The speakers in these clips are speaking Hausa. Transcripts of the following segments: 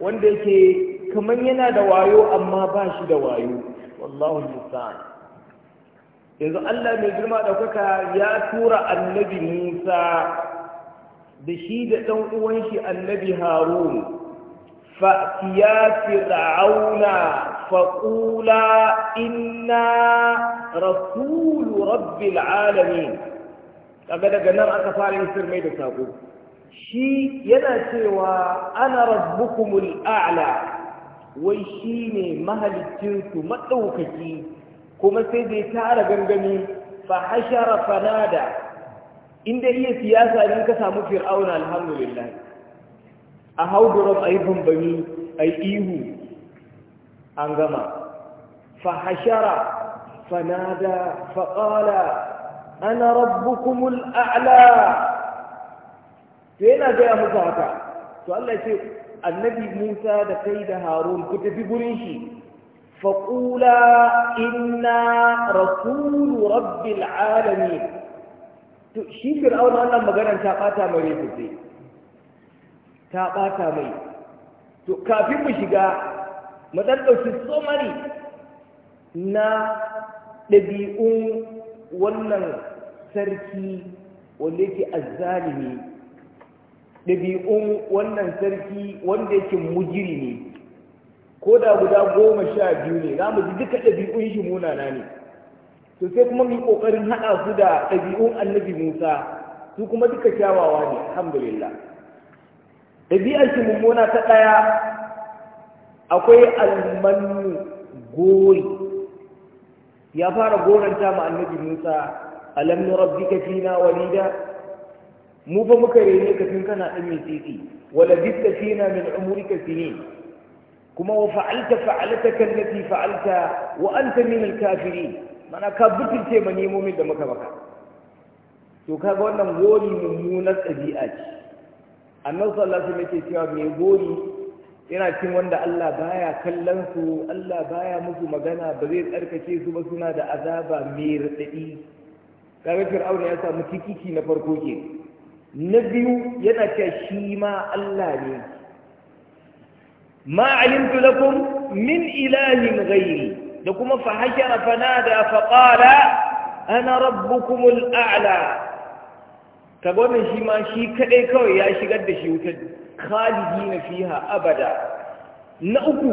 wanda yake kamar yana da wayo amma ba shi da wayo wallahu musta'an yanzu Allah mai girma ɗaukaka. ya tura annabi Musa da shi da ɗan uwan shi annabi Harun fa'tiya fir'auna faqula inna rasulu rabbil alamin kaga daga nan aka fara yin sirmai da sako shi yana cewa ana rabbukumul a'la wai shi ne mahalicinku maɗaukaki kuma sai dai tara gangami fa hashara fanada inda iya siyasa ne ka samu fir'auna alhamdulillah a haudurar a yi bambami a ihu an gama fa hashara fanada faƙala ana rabbukumul a'la to yana gaya musu haka to Allah ya ce annabi Musa da kai da Harun ku tafi gurin shi faqula inna rasul rabbil alamin to shi fir'auna wannan maganar ta bata mai ta bata mai to kafin mu shiga mu dan dauki somari na ɗabi'un wannan sarki wanda yake azzalimi ɗabi'un wannan sarki wanda yake mujiri ne ko da guda goma sha biyu ne za mu ji duka ɗabi'un shi munana ne to sai kuma mu yi ƙoƙarin haɗa su da ɗabi'un annabi musa su kuma duka kyawawa ne alhamdulillah ɗabi'ar shi mummuna ta ɗaya akwai almanu gori ya fara goranta ma annabi musa alam rabbika fina walida mu fa muka rene ka tun kana ɗan mai titi wala bitta fina min umrika sinin kuma wa fa'alta fa'alataka allati fa'alta wa anta min al-kafirin mana ka butulce ma nemomin da muka baka to kaga wannan gori mummunar ɗabi'a ce annabi sallallahu alaihi wasallam yake cewa mai gori yana cin wanda Allah baya kallon su Allah baya musu magana ba zai tsarkake su ba suna da azaba mai raɗaɗi kaga fir'auna ya samu tikiki na farko ke na biyu yana cewa shi ma Allah ne ma alimtu lakum min ilahin ghairi da kuma fa fanada fa qala ana rabbukumul a'la kaga wannan shi ma shi kadai kawai ya shigar da shi wutar khalidina fiha abada na uku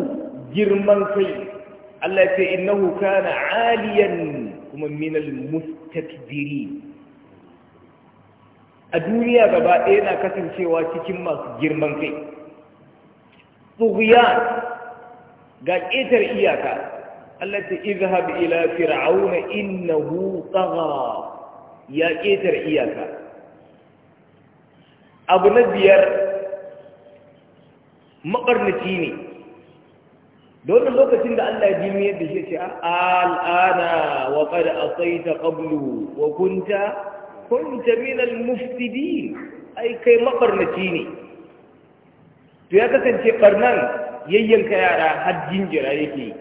girman kai Allah ya ce innahu kana aliyan kuma minal mustakbirin a duniya gaba ɗaya na kasancewa cikin masu girman kai ga ƙetar iyaka Allah ta izhab ila fir'auna innahu tagha ya ƙetar iyaka abu na biyar maƙarnaci ne domin lokacin da Allah ya mu da shi ce al'ana wa qad asayta qablu wa kunta kunta minal muftidin ai kai mabarnaci ne to ya kasance barnan yayyanka yara har jinjira yake yi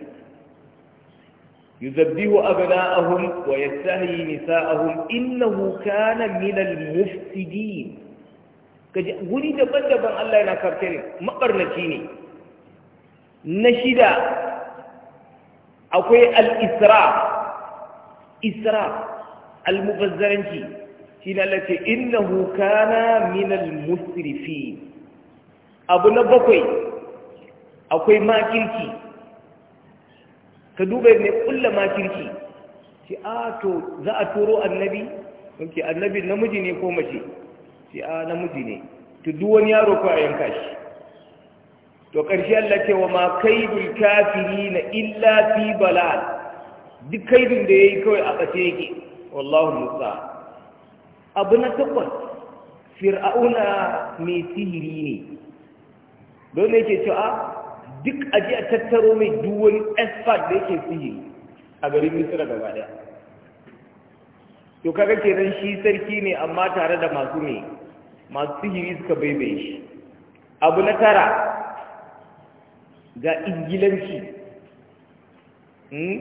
yuzabbihu abna'ahum wa yastahi nisa'ahum innahu kana minal mufsidin kaji guri daban-daban Allah yana karkare mabarnaci ne na shida akwai al-isra isra al-mubazzaranci shi na lati innahu kana minal musrifi abu na bakwai akwai makirki ka duba mai kulla makirki ce a to za a turo annabi wanke annabi namiji ne ko mace ce a namiji ne Ta duk wani yaro ko a yanka shi to ƙarshe Allah ce wa ma kaidul kafiri na illa fi balal duk kaidun da ya yi kawai a ƙashe yake wallahu musa abu na takwas fir'auna mai sihiri ne don yake cewa duk aji a tattaro mai duwani expert da yake sihiri a garin misira gaba daya to kaga kenan shi sarki ne amma tare da masu ne masu sihiri suka baibaye shi abu na tara ga ingilanci hmm?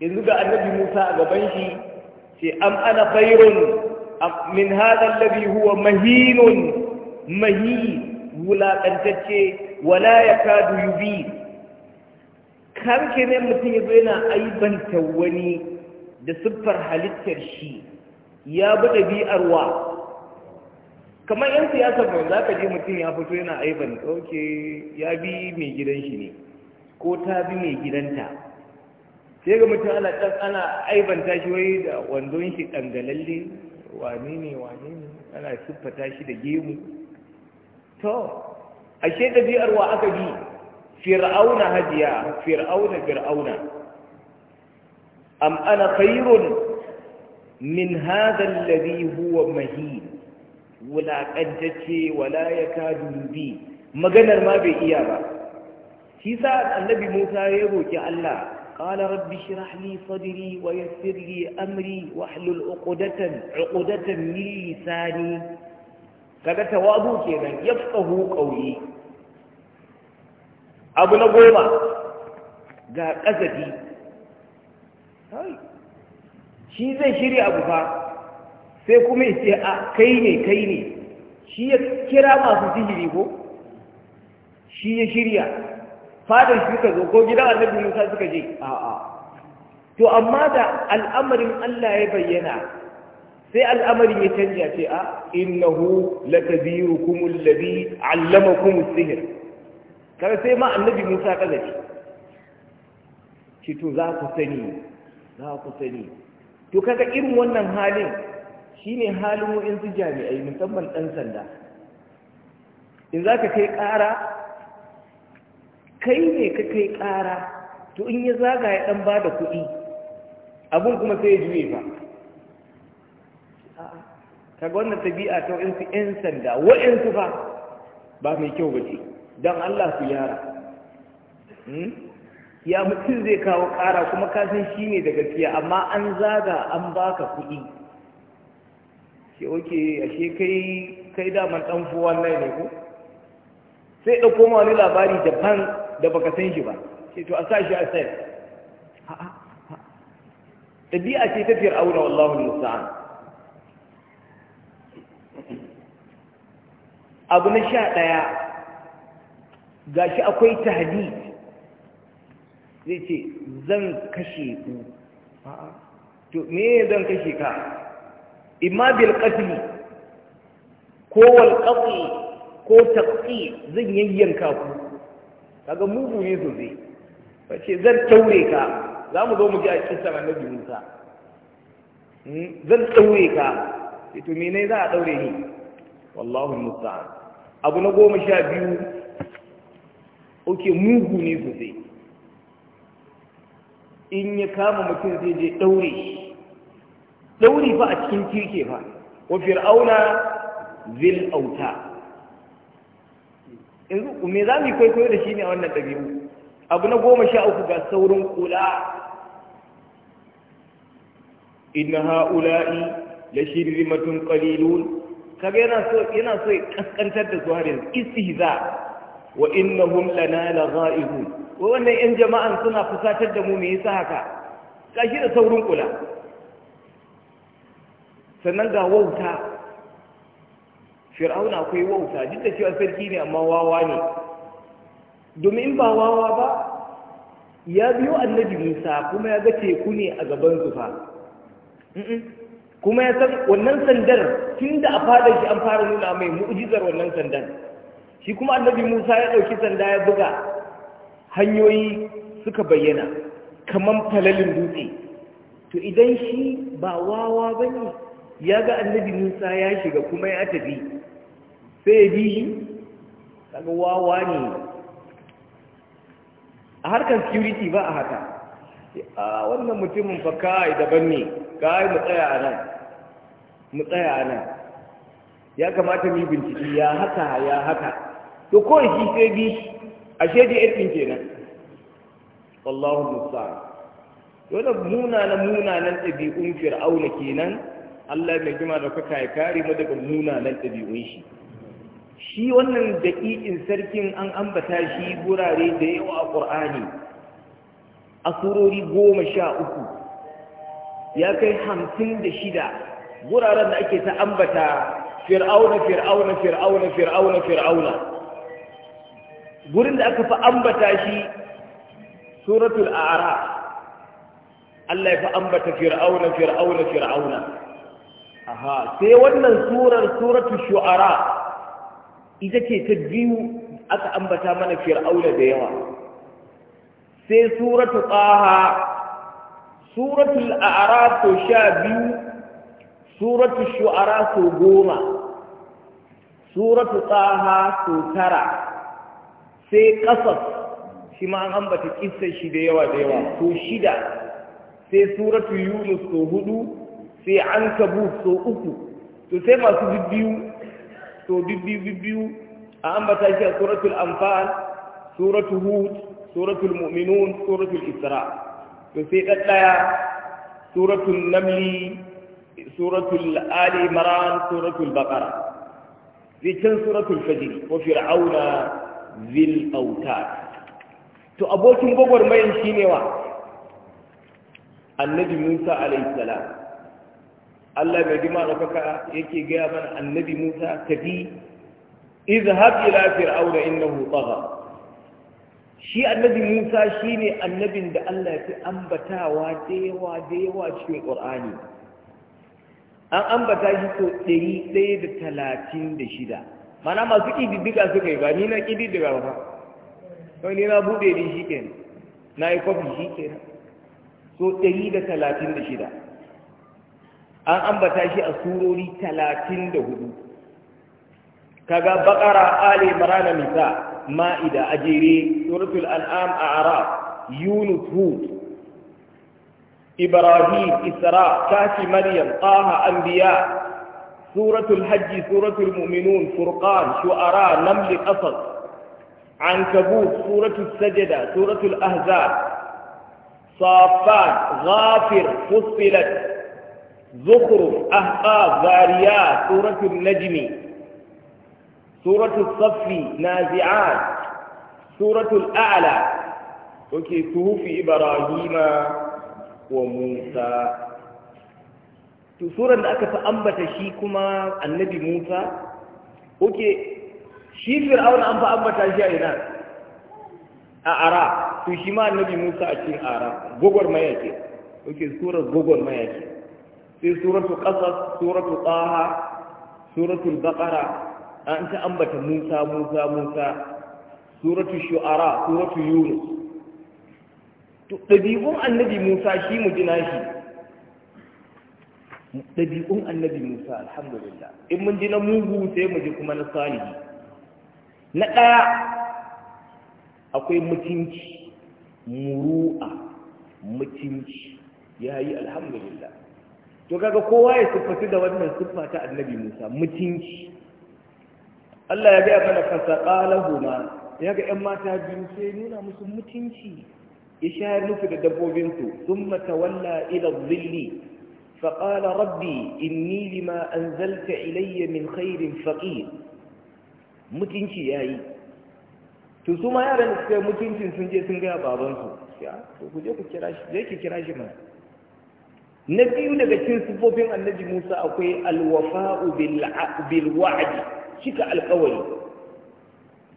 yanzu ga annabi musa a gaban shi ce an ana khairun min hadha alladhi huwa mahinun wulaƙantacce wala ya kadu yubi karke ne mutum ya zo yana aibanta wani da siffar halittar shi ya bi ɗabi'ar wa kamar yan siyasar mai za ka je mutum ya fito yana aibanta ok ya bi mai gidan shi ne ko ta bi mai gidanta sai ga mutum ana aibanta shi wai da wandon shi ɗangalalle wane ne wane ne ana siffata shi da gemu to ashe ɗabi'ar wa aka bi fir'auna hajiya fir'auna fir'auna am ana khairun min hadha alladhi huwa mahin wulaƙantacce wala ya bi maganar ma bai iya ba shi sa annabi Musa ya roki Allah قال رب اشرح لي صدري ويسر لي امري واحلل عقده عقده من لساني kaga tawadu kenan yafqahu qawli abu na goma ga kazadi shi zai shiri abu fa sai kuma yace a kai ne kai ne shi ya kira masu sihiri ko shi ya shirya fadar suka zo ko gida annabi musa suka je a'a to amma da al'amarin allah ya bayyana sai al'amarin ya canja ce a innahu lakabirukum alladhi allamakum as-sihr kaga sai ma annabi musa kazafi ce to za ku sani za ku sani to kaga irin wannan halin shine halin wa'in su jami'ai musamman ɗan sanda in za ka kai ƙara kai ne ka kai ƙara to in ya zaga ya ɗan ba da kuɗi abin kuma sai ya juye ba kaga wannan tabi'a ta wa'insu 'yan sanda wa'insu ba ba mai kyau ba ce don Allah su yara hmm? ya mutum zai kawo ƙara kuma kasan shi ne da gaskiya amma an zaga an baka kuɗi ke oke ashe kai kai daman ɗan fuwan nai ne ku? sai ɗauko ma wani labari daban da baka san shi ba ce to a sa shi a sai ɗabi'a ce ta fir'auna wallahu musta'an abu na sha ɗaya gashi akwai tahdid zai ce zan kashe ku to me zan kashe ka imma bil qatl ko wal qatl ko taqti zan yayyanka ku kaga mugu ne sosai Wace zan taure ka za mu zo mu ji a kisar annabi musa hmm? zan taure ka sai to mene za a daure ni wallahu Musa. abu na goma sha biyu oke mugu ne sosai in ya kama mutum zai je daure shi daure fa a cikin kirke fa wa fir'auna zil auta yanzu me za mu yi kwaikwayo da shi ne a wannan ɗabi'u abu na goma sha uku ga saurin kula inna ha'ula'i la shirrimatun qalilun kaga yana so yana so ya kaskantar da zuwa yanzu istihza wa innahum lana laghaibun wa wannan yan jama'an suna fusatar da mu me yasa haka kashi da saurin kula sannan ga wauta fir'auna akwai wauta duk da cewa sarki ne amma wawa ne domin ba wawa ba ya biyo annabi musa kuma ya ga teku ne a gaban su kuma ya san wannan sandar tun da a fadar shi an fara nuna mai mu'jizar wannan sandan. shi kuma annabi musa ya ɗauki sanda ya buga hanyoyi suka bayyana kamar falalin dutse to idan shi ba wawa ba ne ya ga annabi musa ya shiga kuma ya tafi sai bi shi kaga wawa ne a harkar security ba a haka a wannan mutumin fa kai daban ne kai mu tsaya a nan mu tsaya a nan ya kamata mu yi bincike ya haka ya haka to ko shi sai bi ashe da irin kenan wallahu musta'an dole muna nan ɗabi'un fir'auna kenan Allah mai jima da kuka ya kare mu daga munanan ɗabi'un shi shi wannan daƙiƙin sarkin an ambata shi gurare da yawa a ƙur'ani a surori goma sha uku ya kai hamsin da shida guraren da ake ta ambata fir'auna fir'auna fir'auna fir'auna fir'auna gurin da aka fi ambata shi suratul a'raf Allah ya fi ambata fir'auna fir'auna fir'auna aha sai wannan surar suratu shu'ara ita ce ta biyu aka ambata mana fir'auna da yawa sai suratu taha suratul a'raf to sha biyu suratu shu'ara to goma suratu ƙaha to tara sai kasas shi ma an ambata kissa shi da yawa da yawa to shida sai suratu yunus to hudu sai an kabu so uku to sai masu bibbiyu to bibbiyu bibbiyu a ambata shi a suratul anfal suratul hud suratul mu'minun suratul isra to sai daddaya suratul namli suratul ali imran suratul baqara sai can suratul fajr wa fir'auna zil autad to abokin gwagwarmayin shine wa annabi musa alayhi salam Allah mai gima ɗaukaka yake gaya mana annabi Musa ka bi izhab ila fir'auna innahu tagha shi annabi Musa shine annabin da Allah ya fi ambatawa da yawa da yawa cikin Qur'ani an ambata shi to ɗari ɗaya da mana masu ƙididdiga suka yi ba ni na ƙididdiga ba kawai ni na buɗe ni shi kenan na yi kwafi shi kenan so ɗari da talatin an ambata shi a surori talatin da hudu kaga bakara ali marana nisa ma'ida a jere suratul al'am a arab yunus hud ibrahim isra kashi maryam taha anbiya suratul hajji suratul mu'minun furqan shu'ara naml qasas ankabut suratul sajda suratul ahzab safat Zafir, fussilat zukhruf ahqaf zariyat suratul najmi suratul saffi nazi'at suratul a'la okay suhufi ibrahima wa musa to suran da aka fi ambata shi kuma annabi musa okay shi fir'auna an fa ambata shi a ina a arab to shi ma annabi musa a cikin arab gogor mayake okay surar gogor mayake sai suratu qasas suratu ƙaha, suratu baqara an ta ambata musa musa musa suratu shu'ara suratu yunus to dabi'un annabi musa shi mu jina shi dabi'un annabi musa alhamdulillah in mun ji na mugu sai mu ji kuma na salihi na ɗaya akwai mutunci muru'a mutunci ya yi alhamdulillah to kaga kowa ya siffatu da wannan siffa ta annabi musa mutunci allah ya gaya mana fasaƙalahu ma ya ga ‘yan mata biyu sai nuna musu mutunci ya shayar musu da su, sun Tawalla ila zilli faƙala rabbi inni lima an zalta ilayya min khairin faƙi mutunci ya yi to su ma yaran da suka mutuncin sun je sun gaya babansu ya to ku je ku kira shi je ki kira shi mana na biyu daga cikin sifofin annabi Musa akwai alwafa'u bil wa'di cika alkawari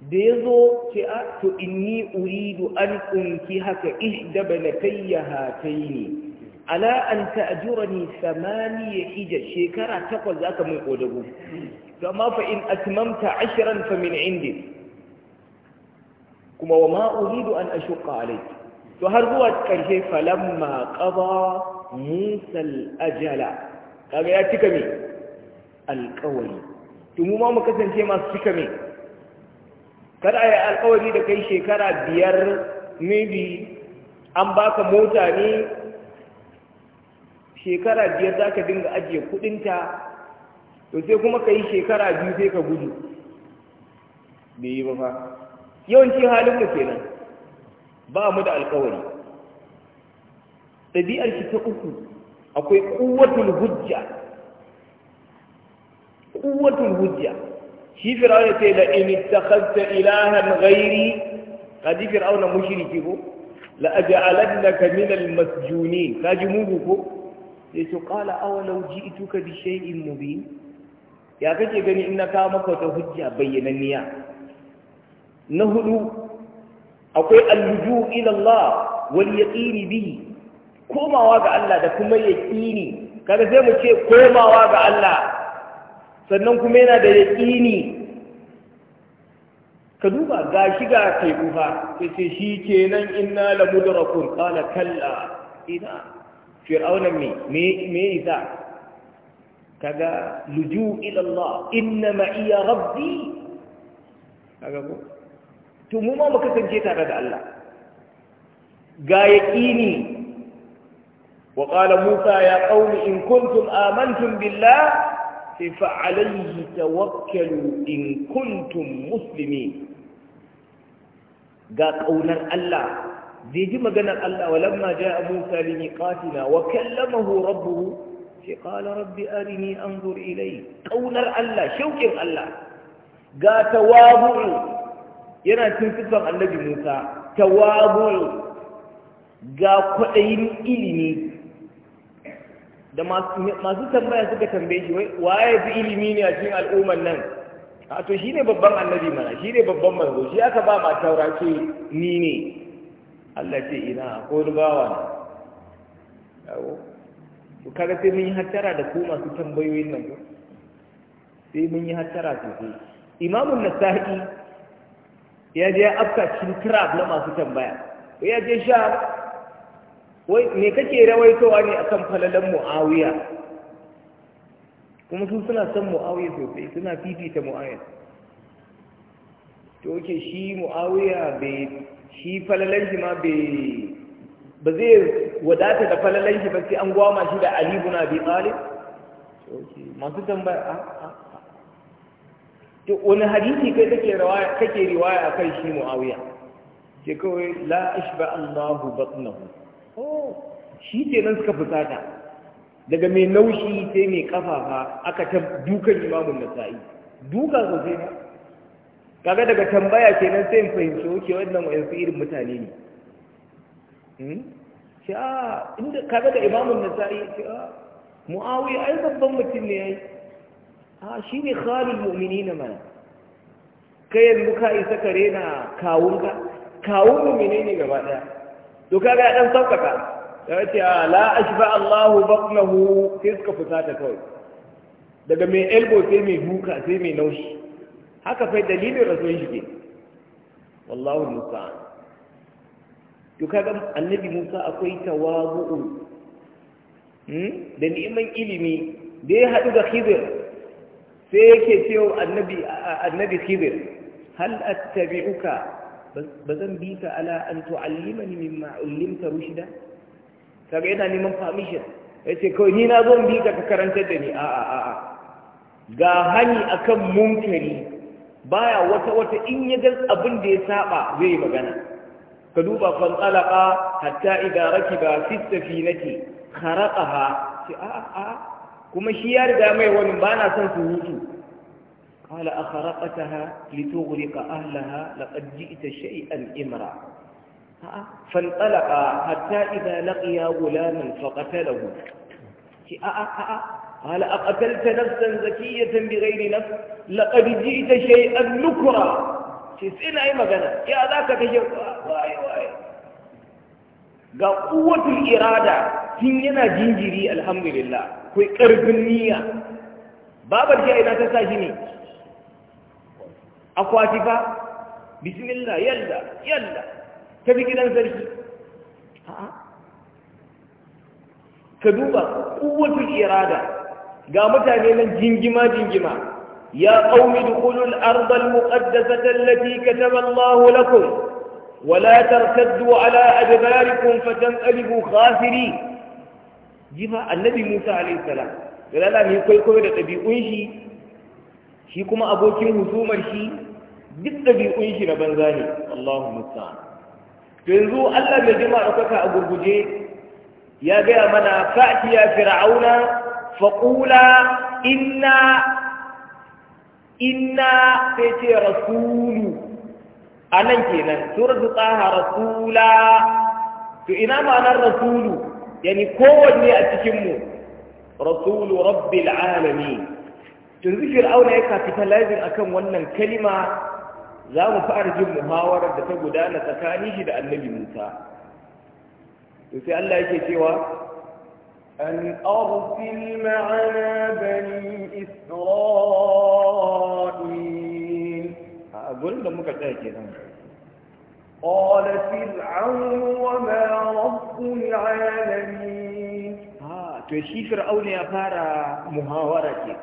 da yazo ce a to inni uridu an unki haka ihda banatayya hataini ala an ta'jurani thamaniya hija shekara takwas zaka mun kodago to amma fa in atmamta ashran fa min indi kuma wa ma uridu an ashqa alayk to har zuwa karshe falamma qada musal ajala kaga ya cika me alƙawari to mu ma mu kasance masu cika me kada ya alƙawari da kai shekara biyar maybe an baka mota ne shekara biyar za ka dinga ajiye kudinta to sai kuma ka yi shekara biyu sai ka gudu bai yi ba fa yawanci halin mu kenan ba mu da alƙawari ɗabi'ar shi ta uku akwai kuwatul hujja kuwatul hujja shi fir'aun ya ce la in ittakhadta ilahan ghairi kaji fir'aun mushriki ko la aj'alannaka min al masjunin kaji mugu ko sai to qala law ji'tuka bi shay'in mubin ya kake gani in ka maka ta hujja bayyananniya na hudu akwai al-luju' ila Allah wal yaqini bihi komawa ga Allah da kuma yaƙini kada sai mu ce komawa ga Allah sannan kuma yana da yaƙini ka duba ga shi ga kai kufa sai ce shi kenan inna la mudrakun qala kalla ina fir'auna me me isa kaga luju ila inna ma'iya rabbi kaga ko to mu ma muka kasance tare da Allah ga yaƙini وقال موسى يا قوم إن كنتم آمنتم بالله فعليه توكلوا إن كنتم مسلمين قال قولا الله زي جمع قنا الله ولما جاء موسى لميقاتنا وكلمه ربه قال رب أرني أنظر إليه قولا الله شوكر الله قال تواضع ينا تنفسر النبي موسى تواضع قال قعين إلني da masu tambaya suka tambaye shi waye bi ilimi ne a cikin al'umman nan a to shi ne babban annabi mana shi ne babban manzo shi aka ba ma taura ce ni ne Allah ce ina ko bawa na yawo to kaga sai mun yi hattara da ko masu tambayoyin nan sai mun yi hattara sosai imamun nasa'i ya je ya afka cikin trap na masu tambaya ya je sha wai me kake rawaitowa ne akan falalan muawiya kuma su suna son muawiya sosai suna fifita muawiya to ke shi muawiya bai shi falalan shi ma bai ba zai wadata da falalan shi ba sai an gwama shi da Ali ibn Abi Talib masu tambaya a a to wani hadisi kai kake rawaya kake riwaya akan shi muawiya ke kawai la ashba Allahu batnahu Oh, shi nan suka fusata daga mai naushi sai mai kafafa aka ta dukan imamun nasa'i duka sosai ba kaga daga tambaya kenan sai fahimci wuce wannan wayansu irin mutane ne ce hmm? a ah, inda kaga da imamun sa'i ce a ah, mu'awi ai babban mutum ne yayi a ah, shi ne khalil na mana kai yanzu ka isa kare na kawunka kawun mu'mine ne gaba ɗaya. to kaga ya dan saukaka ya ce la ashba Allahu batnahu sai suka fusata kawai daga mai elbo sai mai huka sai mai naushi haka fa dalilin rasuwan shi ke wallahu musta'an to kaga annabi Musa akwai tawazu hmm, da neman ilimi da ya haɗu da khidir sai yake cewa annabi annabi khidir hal attabi'uka ba zan bi ka ala an tu'allimani mimma ullimta rushda kaga yana neman permission yace kawai ni na zo in bi ka ka karantar da ni a'a a'a ga hani akan munkari baya wata wata in ya ga abin da ya saba zai magana ka duba fan talaqa hatta idza rakiba fi safinati kharaqaha a'a a'a kuma shi ya riga mai wani bana son su hutu قال أخرقتها لتغرق أهلها لقد جئت شيئا إمرا فانطلق حتى إذا لقيا غلاما فقتله قال أقتلت نفسا زكية بغير نفس لقد جئت شيئا نكرا سيسئنا أي مكان يا ذاك كشف واي واي ga kowatul irada tun yana jinjiri alhamdulillah kai karbin niyya babar shi akwati ba bismillah yalla yalla ka bi gidan sarki ka duba kuwatul irada ga mutane nan jingima jingima ya qaumi dukhulul arda al muqaddasah allati kataba Allah lakum wa la tartaddu ala adbarikum fatanqalibu khasiri jima annabi Musa alayhi salam galala ni kai kai da ɗabi'un shi shi kuma abokin huzumar shi duk ɗabi'un shi na banza ne Allahu musta'an to yanzu Allah bai jima ɗaukaka a gurguje ya gaya mana fa'tiya fir'auna faqula inna inna sai ce rasulu nan kenan suratu taha rasula to ina ma'anar rasulu yani kowanne a cikin mu rasulu rabbil alamin to yanzu fir'auna ya a akan wannan kalima za mu fara jin muhawarar da ta gudana tsakanin shi da annabi Musa. To Allah yake cewa an arsil ma'ana bani isra'il a abun da muka tsaya ke nan qala fir'aun wa ma rabbul alamin ha ah, to shi fir'aun ya fara muhawara ke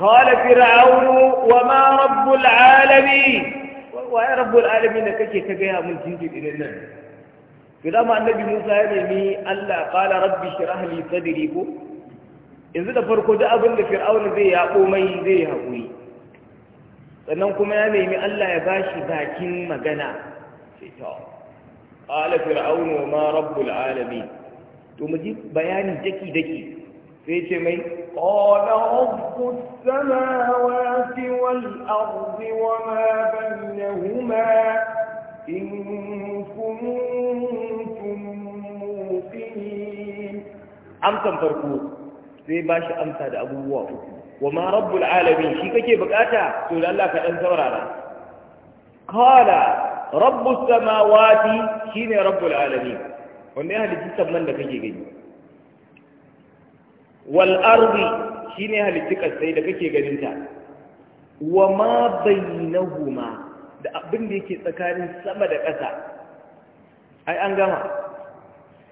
قال فرعون وما رب العالمين ويا رب العالمين كيف تجيها من جنجل إلى النبي فلما النبي موسى يمي الله قال ربي اشرح لي صدري كو yanzu da farko duk abin da fir'auna zai yaƙo mai zai haƙuri sannan kuma ya nemi Allah ya ba shi bakin magana sai ta ƙala fir'aunu wa ma rabbul to mu ji bayani daki daki بيجمي قال رب السماوات والأرض وما بينهما إن كنتم موقنين أمتم فرقوق سيما شأمت هذا أبو وما رب العالمين شيكا كي بكاتا سؤال الله كأنت ورانا قال رب السماوات شيني رب العالمين ونحن لتسمى لك جيجي جي. wal ardi shine halitti kasai da kake ganin ta wa ma bainahuma da abin da yake tsakanin sama da ƙasa ai an gama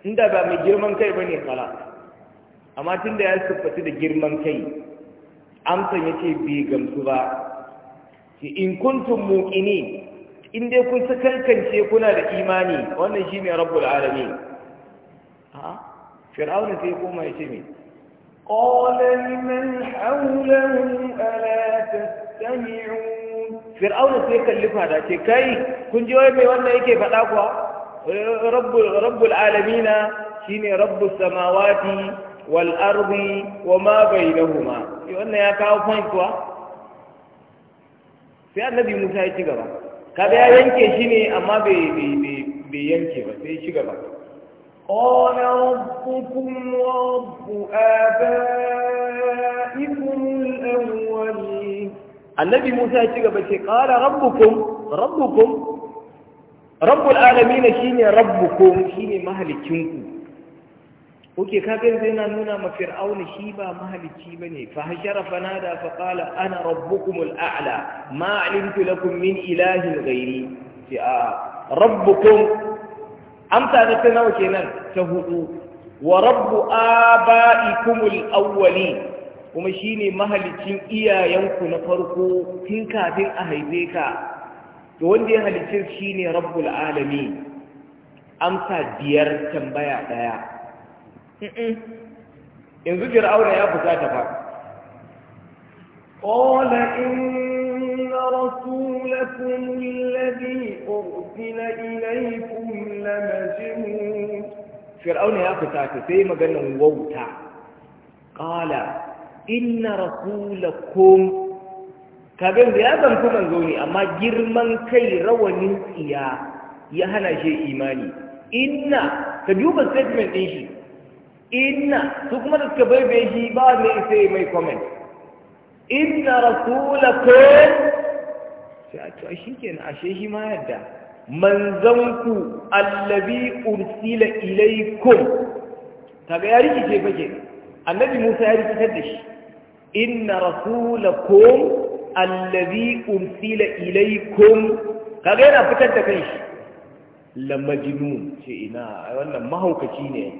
inda ba mai girman kai bane kala amma tunda ya siffatu da girman kai amsan yace bai gamsu ba in kuntum muqinin in dai kun sakankance kuna da imani wannan shine ne rabbul alamin ha fir'auna sai koma ya ce قال لمن حولهم ألا تستمعون فرعون سيكلفها دا ce kai kun ji wai mai wannan yake faɗa kuwa rabbul alamina shine rabbus samawati wal ardi wa ma bainahuma wannan ya kawo point kuwa sai annabi Musa ya ci ba. kaga ya yanke shi ne amma bai yanke ba sai ci قال ربكم ورب آبائكم الأولين النبي موسى يجب قال ربكم ربكم رب العالمين شيني ربكم شيني مهل تشنكم وكي كابر زينا نونا ما فرعون شيبا مهل تشيبني فهجر فنادى فقال أنا ربكم الأعلى ما علمت لكم من إله غيري في آه. ربكم amsa ne ta nawa kenan ta hudu wa rabbu aba'ikumul awwali kuma shine mahalicin iyayenku na farko tun kafin a haife ka to wanda ya halicce shine rabbul alamin amsa biyar tambaya daya yanzu aure ya fusata fa qala in رسولكم الذي أرسل إليكم لمجنون فرعون يا فتاك سيما قال ووتا قال إن رسولكم kagan da ya zanku manzo ne amma girman kai rawanin tsiya ya hana shi imani inna ka duba statement ɗin shi inna su kuma da suka baibaye shi ba mai sai mai comment inna sai a cewa shi kenan ashe shi ma yadda manzanku allabi ursila ilaikum kaga ya rikice fake annabi musa ya rikitar da shi inna rasulakum allabi ursila ilaikum kaga yana fitar da kai shi. majnun ce ina wannan mahaukaci ne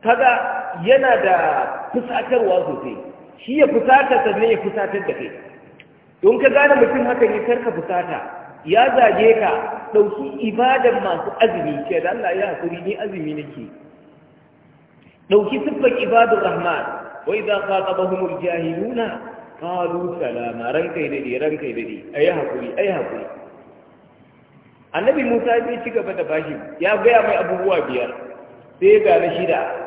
kaga yana da fusatarwa sosai shi ya fusata sannan ya fusatar da kai don ka gane mutum haka ne karka fusata ya zage ka ɗauki ibadan masu azumi ke da Allah ya haƙuri ni azumi nake ɗauki siffar ibadun rahman wai za ka taɓa humul jahiluna kalu salama Ran kai daɗe ran kai daɗe a yi haƙuri a yi haƙuri annabi musa ya ci gaba da bashi ya gaya mai abubuwa biyar sai ya gane shida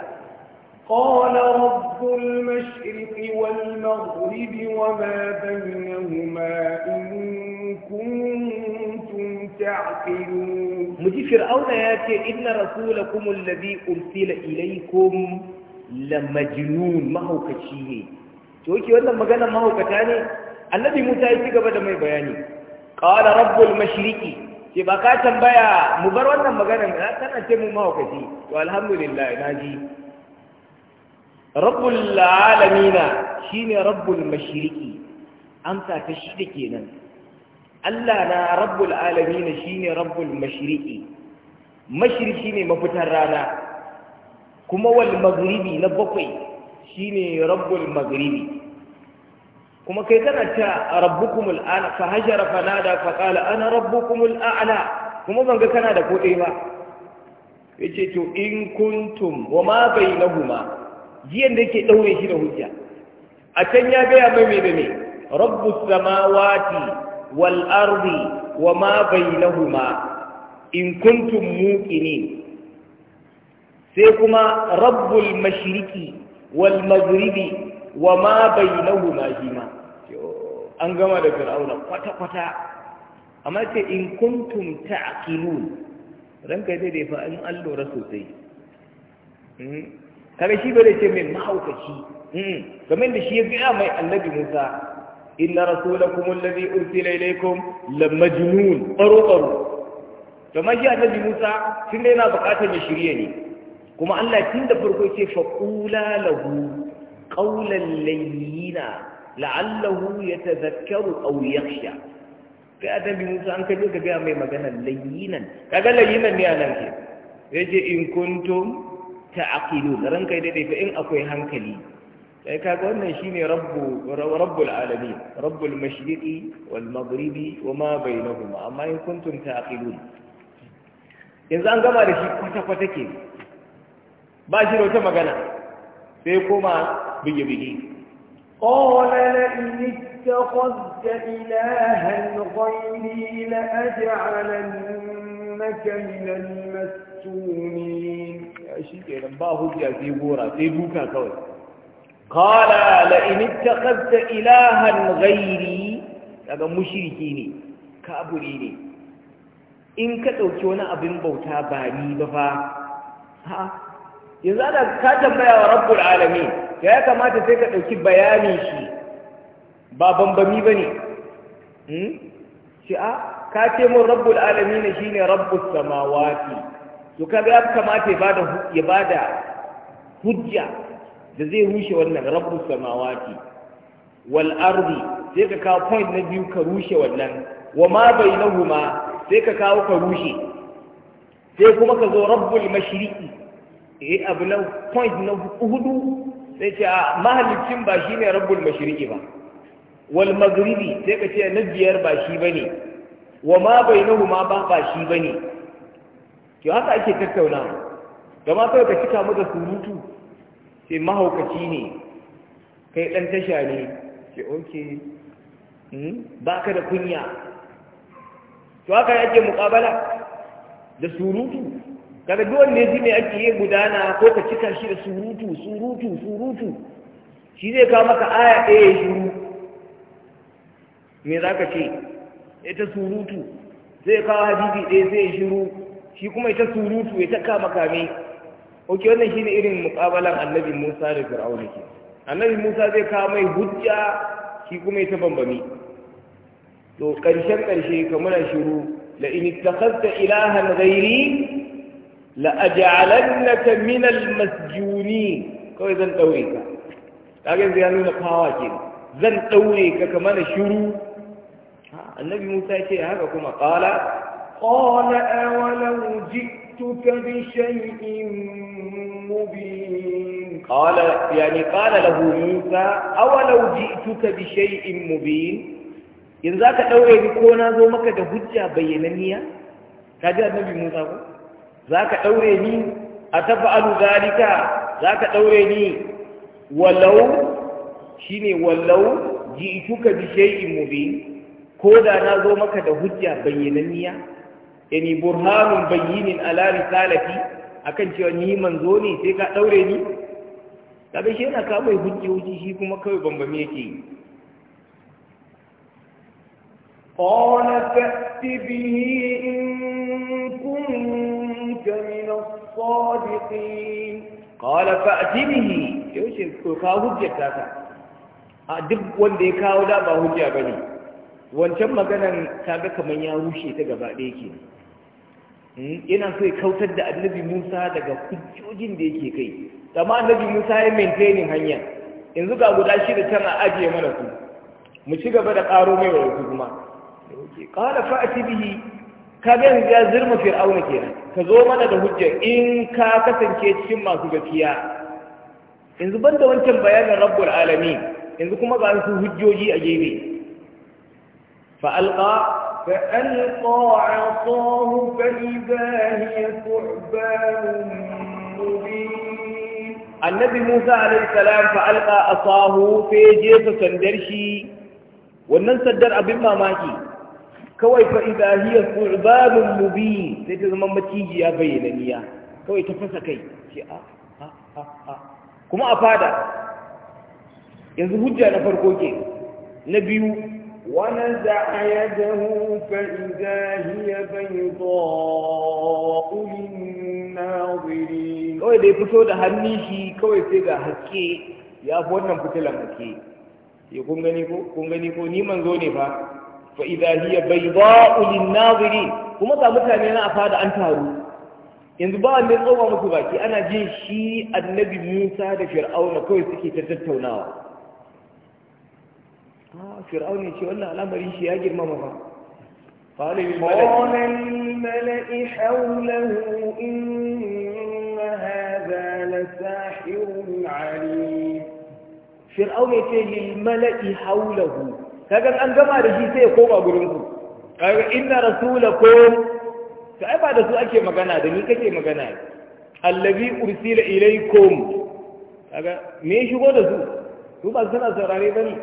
قال رب المشرق والمغرب وما بينهما إن كنتم تعقلون مجي فرعون ياتي إن رسولكم الذي أرسل إليكم لمجنون ما هو كشيه توكي ولا قال ما هو كتاني النبي موسى يتيك بدا ما يبياني قال رب المشرق ce ba ka tambaya mu bar wannan maganar kana ce mu mahaukaci to alhamdulillah naji rabbul alamina shine rabbul mashriqi amsa ta shida kenan Allah na rabbul alamina shine rabbul mashriqi mashriq shine mafitar rana kuma wal maghribi na bakwai shine rabbul maghribi kuma kai kana ta rabbukumul a'la fa hajara fa nada fa qala ana rabbukumul a'la kuma ban ga kana da kodai ba yace to in kuntum wa ma bainahuma jiyan da yake ɗaure shi da hujja a can ya gaya mai mai da mai, rabbus samawati wal ardi wa ma bainahuma in kuntum muqinin sai kuma rabbul mashriqi wal maghribi wa ma bainahuma jima an gama da fir'auna kwata kwata amma ce in kuntum ta'qilun ranka dai dai fa in an lura sosai hmm? kaga shi bai ce mai mahaukaci hmm. kamar da shi ya gaya mai annabi Musa inna rasulakum allazi ursila ilaykum lamajnun baro baro kamar shi annabi Musa tun da yana bukatar ya shirye ne kuma Allah tun da farko ce faqula lahu qawlan layyina la'allahu yatadhakkaru aw yakhsha kai annabi Musa an kaje ka gaya mai magana layyinan kaga layyinan ne a nan ke yace in kuntum ta aqilu da ranka dai dai fa in akwai hankali sai kaga wannan shine rabbu rabbul alamin rabbul mashriqi wal maghribi wama bainahuma amma in kuntum ta'qilun yanzu an gama da shi kwata kwata ke ba shi da wata magana sai kuma bige bige qala la inni اتخذت إلها غيري لأجعلنك من المسجونين shi kenan ba hujja sai gora sai duka kawai qala la in ittakhadta ilahan ghairi daga mushriki ne kaburi ne in ka ɗauki wani abin bauta ba ni ba fa ha yanzu ana ka tambaya wa rabbul alamin ya kamata sai ka ɗauki bayanin shi ba bambami ba ne. Hmm? shi a ka ce mun rabbul alamin shine rabbus samawati to kaga ya kamata ya ba da hujja da zai rushe wannan rabbus samawati wal ardi sai ka kawo point na biyu ka rushe wannan wa ma bainahuma sai ka kawo ka rushe sai kuma ka zo rabbul mashriqi eh abu na point na hudu sai ce a ah, mahalicin ba shine rabbul mashriqi ba wal maghribi sai ka ce na biyar ba shi bane wa ma bainahuma ba ba shi bane to haka ake tattauna gama kawai ka cika mu da surutu sai mahaukaci ne kai ɗan tasha ne ce oke hmm, ba ka da kunya to haka yake mukabala da surutu kada duwan ne zai ake yi gudana ko ka cika shi da surutu surutu surutu shi zai kawo maka aya ɗaya ya shuru me za ka ce ita surutu zai kawo Habibi ɗaya zai shiru shi kuma ita surutu ya ta kama kame Ok, wannan shi ne irin muƙabalan annabi musa da fir'auna ke annabi musa zai kama mai hujja shi kuma ya ta bambami to ƙarshen ƙarshe ka muna shiru la in ittakhadta ilahan ghairi la aj'alannaka min al masjuni kawai zan daure ka kage zai nuna fawa ke zan daure ka ka mana shiru annabi musa ya ce haka kuma qala قال أولو جئتك بشيء مبين قال يعني قال له موسى أولو جئتك بشيء مبين yanzu za ka ɗaure ni ko na zo maka da hujja bayyananniya ka ji annabi musa ko za ka ɗaure ni a tafa'alu zalika za ka ɗaure ni walau shine walau ji ituka bi shay'in mubin ko da na zo maka da hujja bayyananniya yani burhanun bayyinin ala risalati akan cewa ni manzo ne sai ka daure ni kaga shi yana kawo mai hujjoji shi kuma kawai bambami yake yi قال فأت به إن كنت من الصادقين قال فأت به يوشي كاو هجة A duk wanda ya kawo da ba hujja bane wancan maganan kaga kamar ya rushe ta gaba ɗaya ke hmm? yana so ya kautar da annabi musa daga hujjojin da yake kai amma annabi musa ya maintainin hanya yanzu ga guda shi da can a ajiye mana su mu ci gaba da ƙaro mai wa yanzu kuma ƙara fa'ati bihi ka ga yanzu ya zirma fir'auna kenan ka zo mana da hujja in ka kasance cikin masu gaskiya yanzu banda wancan bayanin rabbul alamin yanzu kuma ga su hujjoji a gefe فألقى فألقى عصاه فإذا هي ثعبان مبين النبي موسى عليه السلام فألقى عصاه في جيس سندرشي wannan saddar abin mamaki kawai fa idza hiya thu'banun mubin sai ta zama ya bayyana bayyananiya kawai ta fasa kai ce a kuma a fada yanzu hujja na farko ke na biyu ونزع يده فإذا هي بيضاء للناظرين kawai da ya fito da hannun kawai sai ga haske ya fi wannan fitilan haske ya kun ko kun ne fa kuma ga mutane na a fada an taru yanzu ba wanda ya tsoma musu baki ana jin shi annabi Musa da Fir'auna kawai suke ta tattaunawa فرعون يشي والله الأمر يشي ياجر ما مفا قال الملأ حوله إن هذا لساحر عليم فرعون يشي للملأ حوله kaga an gama da shi sai ya koma gurin ku kaga inna rasulakum to ai ba da su ake magana da ni kake magana allazi ursila ilaikum kaga me shigo da su su ba suna saurare bane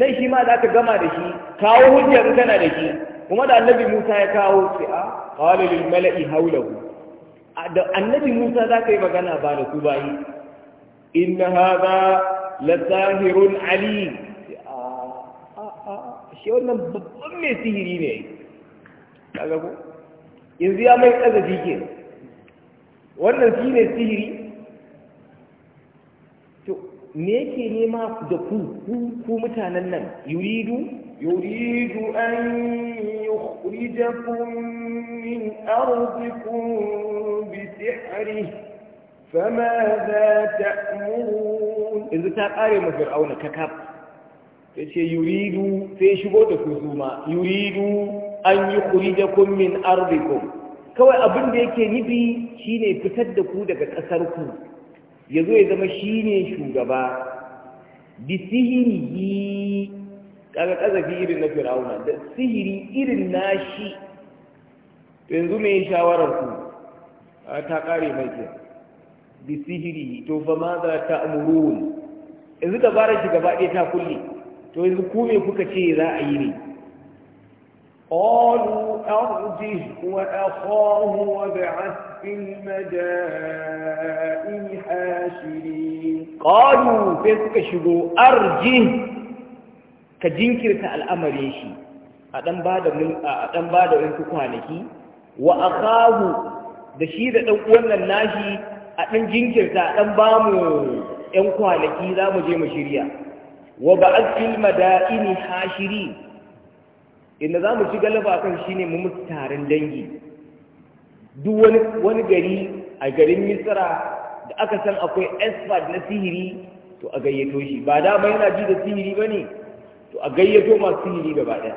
nan shi ma za ka gama da shi kawo hujja kana da shi kuma da annabi musa ya kawo ce a ah, qala lil mala'i hawlahu da annabi musa za ka yi magana ba da su yi. inna hadha la sahirun ali ah, ah, shi wannan babban mai sihiri ne kaga ko yanzu ya mai kazafi ke wannan shi ne sihiri me yake nema da ku ku mutanen nan yuridu yuridu an yukhrijakum min ardikum bi sihrihi famadha yanzu ta kare mu fir'auna kakaf yace yuridu sai shigo da ku zuma yuridu an yukhrijakum min ardikum kawai abin da yake nufi shine fitar da ku daga ƙasarku. ya zo ya zama shi ne shugaba bisihiri kaga ƙazafi irin na fir'auna da sihiri irin na to yanzu mai shawarar ku ta ƙare mai ke bisihiri to fa ma za ta amurun yanzu dabarar shi gaba ɗaya ta kulle to yanzu ku me kuka ce za a yi ne قالوا أرجه وأخاه وابعث في المدائن حاشرين قالوا فيسك شبو أرجه كجنكرة الأمر يشي أدن بعد من أدن بعد أن تكونك وأخاه دشيد أولا ناشي أدن جنكرة أدن بامو ‘yan kwanaki za mu je mu shirya wa ba azil madaini hashiri inda za mu ci galaba kan shi ne mu taron dangi duk wani wani gari a garin misra da aka san akwai expert na sihiri to a gayyato shi ba da ma yana ji da sihiri ba ne to a gayyato masu sihiri gaba ɗaya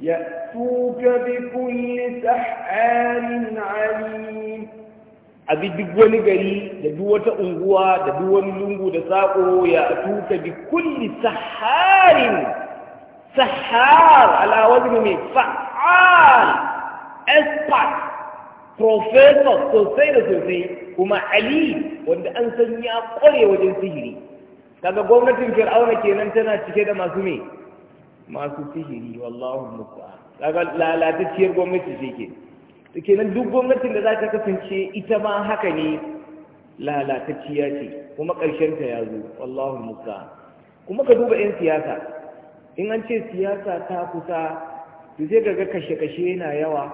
يأتوك بكل سحار a abi duk wani gari da duk wata unguwa da duk wani lungu da sako ya tuka bi kulli saharin sahar ala wazni mai fa'al expert professor sosai da sosai kuma ali wanda an san ya kware wajen sihiri kaga gwamnatin fir'auna kenan tana cike da masu me masu sihiri wallahu musta'an kaga lalatacciyar gwamnati ce ke to kenan duk gwamnatin da za ta kasance ita ma haka ne lalatacciya ce kuma ƙarshen ta ya zo wallahu musta'an kuma ka duba 'yan siyasa in an ce siyasa ta kusa to sai ga kashe-kashe yana yawa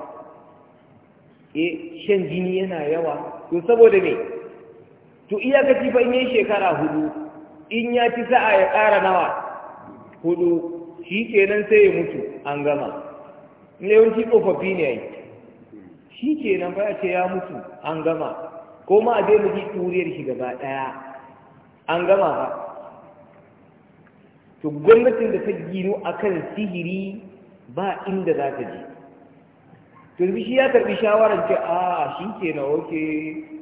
E, shan jini yana yawa to saboda me to iyakaci fa in shekara hudu in ya ci sa'a ya ƙara nawa hudu shi kenan sai ya mutu an gama ne yawanci tsofaffi ne yi shi kenan ba ce ya mutu an gama ko ma a je mu ji turiyar shi gaba ɗaya an gama ba to gwamnatin da ta gino akan sihiri ba inda za ta je turbi shi ya karbi shawarar ce a shi ke na oke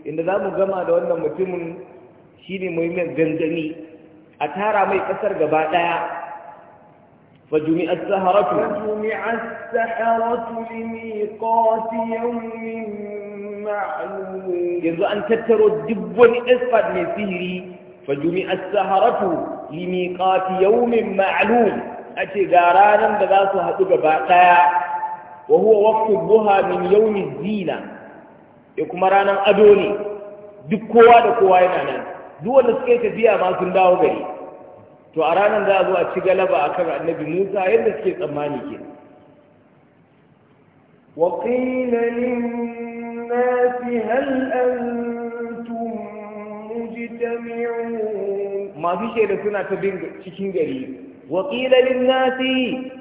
inda za mu gama da wannan mutumin shi ne muhimmin gangami a tara mai ƙasar gaba ɗaya fajumi a saharatu fajumi a saharatu limi ƙosi yawmin yanzu an tattaro duk wani expert mai sihiri fajumi a saharatu limi ƙosi yawmin a ce ga ranar da za su haɗu gaba ɗaya wa huwa waqtu duha min yawmi zina E, kuma ranar ado ne duk kowa da kowa yana nan duk wanda suke tafiya ma sun dawo gari to a ranar za a zo a ci galaba akan annabi Musa yadda suke tsammani ke وقيل للناس هل أنتم مجتمعون ما في شيء suna ta bin cikin gari وقيل للناس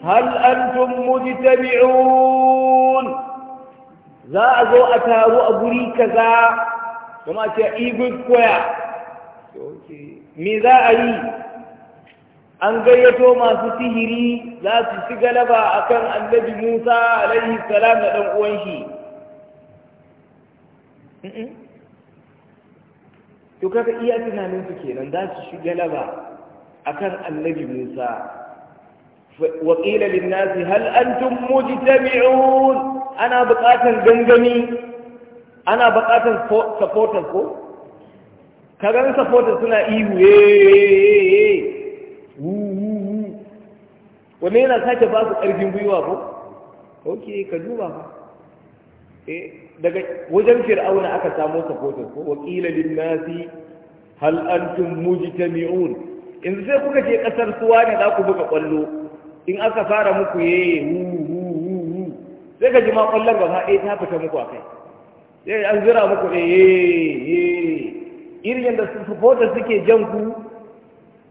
هل أنتم مجتمعون za a zo a taru a guri kaza kuma ce eagle square me za a yi an gayyato masu sihiri za su ci galaba a kan annabi Musa alaihi salam da ɗan uwan shi to kaka iya tunanin su kenan za su shi galaba akan annabi Musa wa qila lin nasi hal antum mujtami'un ana buƙatan gangami ana buƙatan supporter ko kagan supporter suna ihu wanne yana sake ba su ƙarfin gwiwa ko ok ka duba ba eh, daga wajen fir'auna aka samo supporter ko wa qila lin nasi hal antum mujtami'un yanzu sai kuka je kasar suwa ne za ku buga kwallo in aka fara muku ye hu sai ka ji ma kwallon gaba ɗaya ta fita muku a kai sai an zira muku ne ye ye irin yadda supporter suke jan ku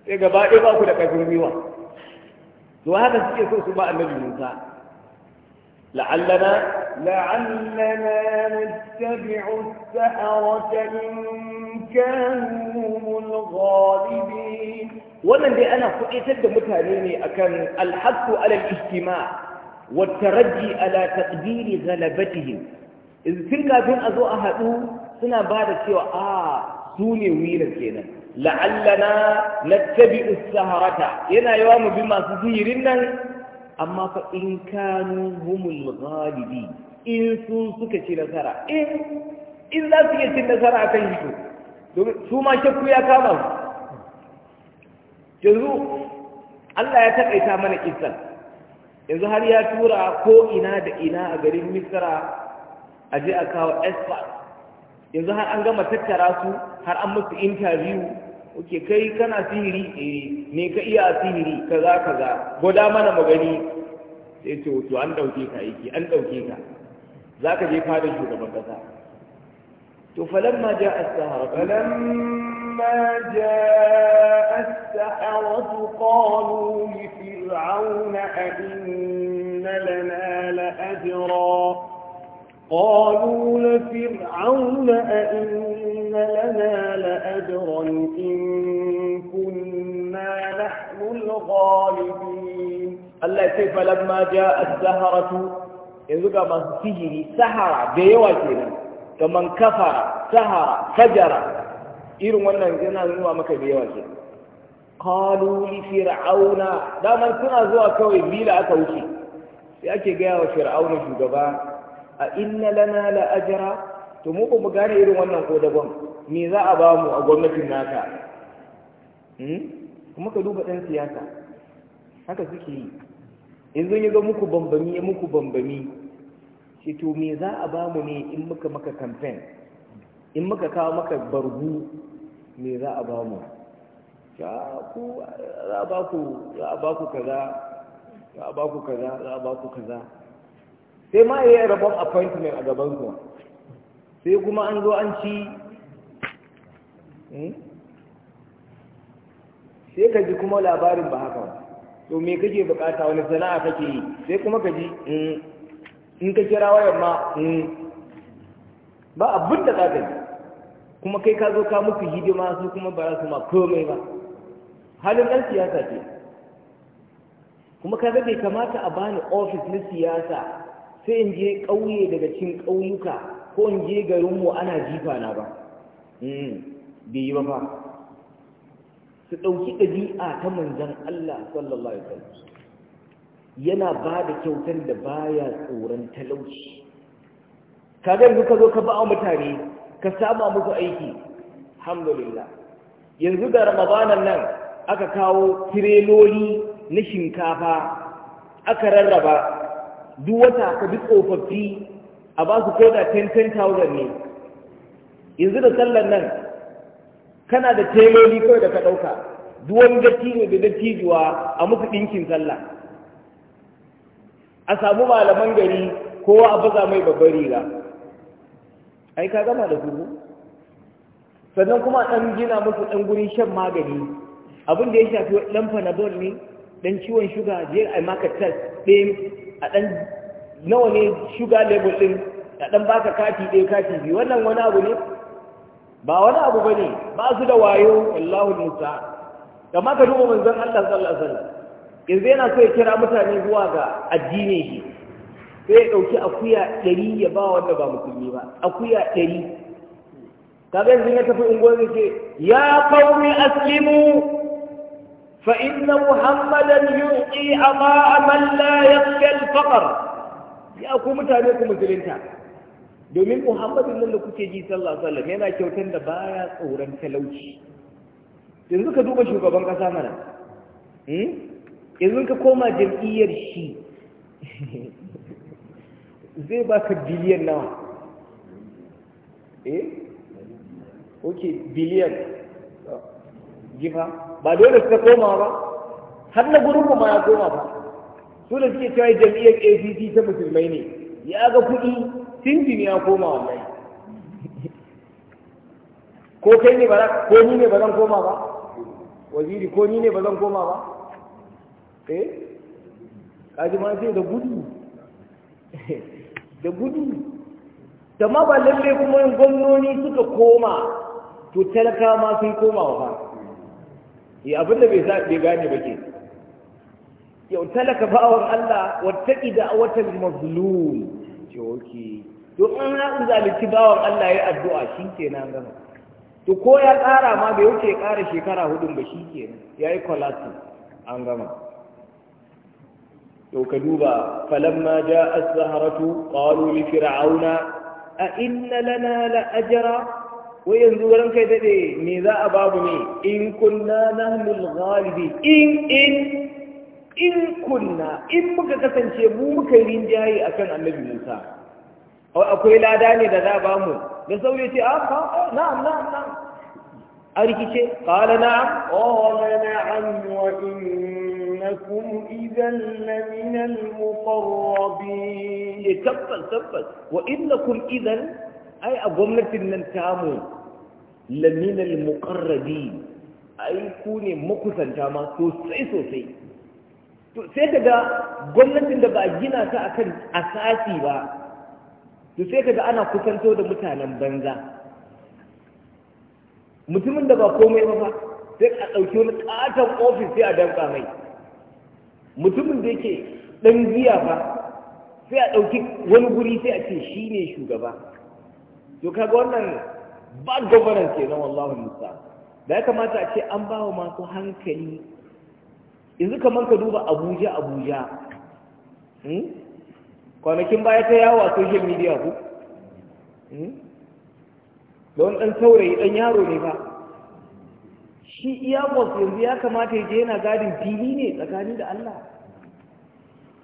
sai gaba ɗaya ba ku da ƙarfin gwiwa to haka suke so su ba annabi Musa لعلنا لعلنا نتبع السحره ان كانوا الغالبين ولن دي انا فئتت da mutane ne الحق على الاجتماع والترجي على تقدير غلبتهم اذ تلك بين ازو احدو suna ba da cewa a su ne wira kenan la'allana nattabi'u as-sahrata yana amma fa in kanu humul ghalibi in su suka ci nasara in in za su iya cin nasara a kan hito. domin su ma shakku ya kama su yanzu Allah ya takaita mana kisan yanzu har ya tura ko ina da ina a garin Misra a je a kawo expert yanzu har an gama tattara su har an musu interview oke kai kana sihiri eh ne ka iya sihiri kaza kaza gwada mana magani sai ce to an dauke ka aiki an dauke ka za ka je fada shugaban kasa to falamma ja as-sahara falamma ja as-sahara qalu li fir'auna a inna lana la ajra قالوا لفرعون أئن لنا لأجرا إن كنا نحن الغالبين التي فلما جاء الزهرة يذكى من سجن سهر بيوتنا فمن كفر سهر فجر إيرو من نجنا نوى مكة بيوتنا قالوا لفرعون دا من كنا زوا كوي بيلا أتوشي يأتي جاء فرعون شو a inna lana la ajra to mu mu gane irin wannan ko daban me za a ba mu a gwamnatin naka hmm? kuma ka duba ɗan siyasa haka suke yi in zan yi ga muku bambami ya muku bambami shi to me za a ba mu ne in muka maka kamfen in muka kawo maka bargu me za a ba mu ku za a ba ku kaza za a ba ku kaza za a ba ku kaza sai ma ya yi rabon appointment a gaban kuma sai kuma an zo an ci hmm? sai ka ji kuma labarin ba haka to me kake bukata wani sana'a kake yi sai kuma ka ji hmm, in ka kira wayan ma hmm, ba abin da kafin, kuma kai ka zo ka muku hidima su kuma ba su ma komai ba halin ɗan siyasa ce kuma ka ga kamata a bani ofis na siyasa sai in je ƙauye daga cikin ƙauyuka ko in je garinmu ana jifa na ba hmm, bai yi ba ba su ɗauki ɗabi'a ta manzan Allah sallallahu alaihi wasallam yana ba da kyautar da baya tsoron talauci kaga yanzu ka zo ka ba mutane ka sama musu aiki alhamdulillah yanzu da ramadanan nan aka kawo tireloli na shinkafa aka rarraba duk wata ka duk tsofaffi a ba su koda 10,000 ne yanzu da sallar nan kana da teloli kawai da ka ɗauka duk wani ne da dattijuwa a musu ɗinkin sallah a samu malaman gari kowa a baza mai babbar riga ai ka gama da su sannan kuma ɗan gina musu ɗan gurin shan magani abinda ya shafi ɗan fanadol ne ɗan ciwon shuga jiyar a maka test ɗaya a ɗan nawa ne shuga level ɗin a ɗan baka kati ɗaya kati biyu wannan wani abu ne ba wani abu ba ne ba su da wayo Allahu musa kama ka duba manzon Allah sallallahu alaihi yanzu yana so ya kira mutane zuwa ga addini shi sai ya ɗauki akuya ɗari ya ba wanda ba musulmi ba akuya ɗari kaga yanzu ya tafi unguwar ce ya qaumi aslimu فإن محمدا يعطي عطاء من لا يخشى الفقر ya ku mutane ku musulunta domin muhammadin nan da kuke ji sallallahu alaihi wasallam yana kyautar da baya tsoron talauci yanzu ka duba shugaban kasa mana yanzu ka koma jam'iyyar shi zai baka biliyan nawa eh ok biliyan jifa ba dole suka koma ba har na gurin ma ya koma ba su da suke cewa jam'iyyar ACC ta musulmai ne ya ga kuɗi tinjin ya koma wallahi ko kai ne ba ko ni ne ba zan koma ba waziri ko ni ne ba zan koma ba eh kaji ma sai da gudu da gudu da ma ba lalle kuma gwamnoni suka koma to talaka ma sun koma wa ba ya abin da bai sa bai gane ba ke yau talaka bawan Allah wattaqi da'watal mazlum ce oke to in an zalunci bawan Allah ya addu'a shi kenan gama to ko ya ƙara ma bai wuce ya ƙara shekara hudun ba shi kenan yayi kwalatu an gama to ka duba falamma ja'a as-saharatu qalu li fir'auna a inna lana la ajra wai yanzu wurin kai daɗe me za a babu ne in kunna nahnul ghalibi in in in kunna in muka kasance mu muka yi rinjaye akan annabi Musa akwai lada ne da za a bamu da sauri ce a na, na, na. a rikice qala na'am qala na'am wa innakum idan lamina al-muqarrabin tabbas tabbas wa innakum idan ai a gwamnatin nan tamu laminal muqarrabi ai ku ne makusanta ma sosai sosai to sai kaga gwamnatin da ba a gina ta akan asasi ba to sai kaga ana kusanto da mutanen banza mutumin da ba komai ba sai a ɗauki wani ƙaton ofis sai a danka mai mutumin da yake ɗan giya ba sai a ɗauki wani guri sai a ce shi ne shugaba to kaga wannan bad governance kenan wallahi musa da ya kamata a ce an ba wa masu hankali yanzu kamar ka duba abuja abuja hmm? kwanakin baya ta yawo a social media ku hmm? da wani ɗan saurayi ɗan yaro ne ba shi iya yanzu ya kamata ya je yana gadin fili ne tsakani da allah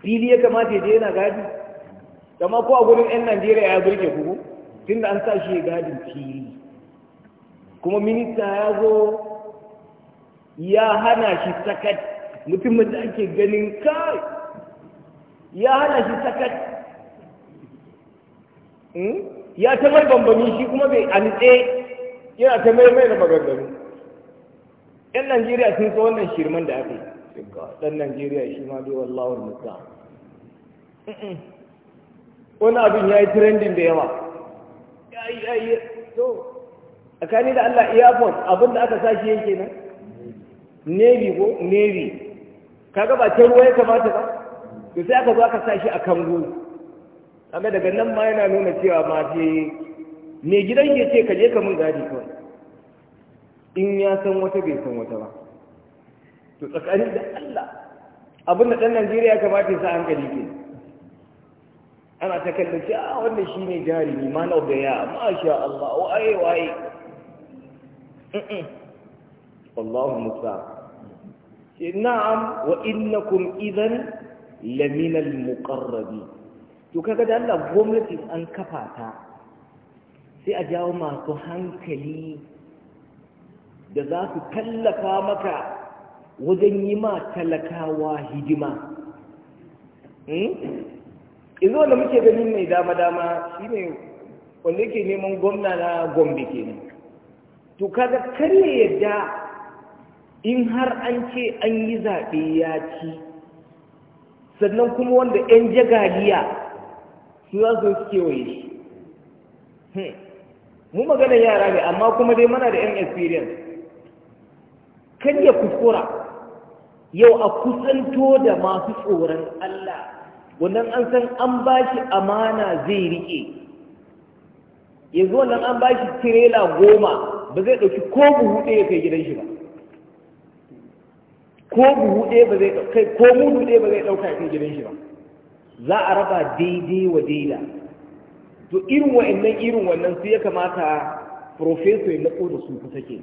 fili ya kamata ya je yana gadi kama ko a gurin 'yan najeriya ya burke kuku Tun da an sa shi ya gadin fili kuma minista ya zo ya hana shi sakat mutumin da ake ganin kai ya hana shi sakat hmm? ya ta mai bambami shi kuma bai tse yana ta mai mai da maganganu yan najeriya sun so wannan shirman da aka yi dan najeriya shi ma bai wallawar musa wani abin ya yi trending da yawa ai to akani da Allah earphone abin da aka sashi yake nan navy ko navy kaga ba ta ruwa ya kamata ba to sai aka zo aka sashi a kango kaga daga nan ma yana nuna cewa ma ce me gidan ya ce ka je ka mun gadi kawai in ya san wata bai san wata ba to tsakanin da Allah abin da ɗan Najeriya kamata ya sa hankali ke ana ta kallon ce a ah, wanda shi ne jarumi ma of masha Allah waye waye wallahu musa ce na'am wa innakum idan laminal muƙarrabi. to kaga da Allah gwamnati an kafa ta sai a jawo masu hankali da za su tallafa maka wajen yi ma talakawa hidima hmm? yanzu wanda muke ganin mai dama-dama shi ne wanda yake neman gwamna na gombe ne to kaga karye yadda in har an ce an yi zaɓe ya ci sannan kuma wanda 'yan jagaliya su za su kewaye shi hmm. mu magana yara ne amma kuma dai mana da 'yan experience kan ya kuskura yau a kusanto da masu tsoron Allah wannan an san an ba shi amana zai riƙe yanzu wannan an ba shi tirela goma ba zai ɗauki ko buhu ɗaya kai gidan shi ba ko buhu ɗaya ba zai kai ko buhu ɗaya ba zai ɗauka kai gidan shi ba za a raba daidai wa daida to irin wa'annan irin wannan su ya kamata profeso ya lako da su kusa ke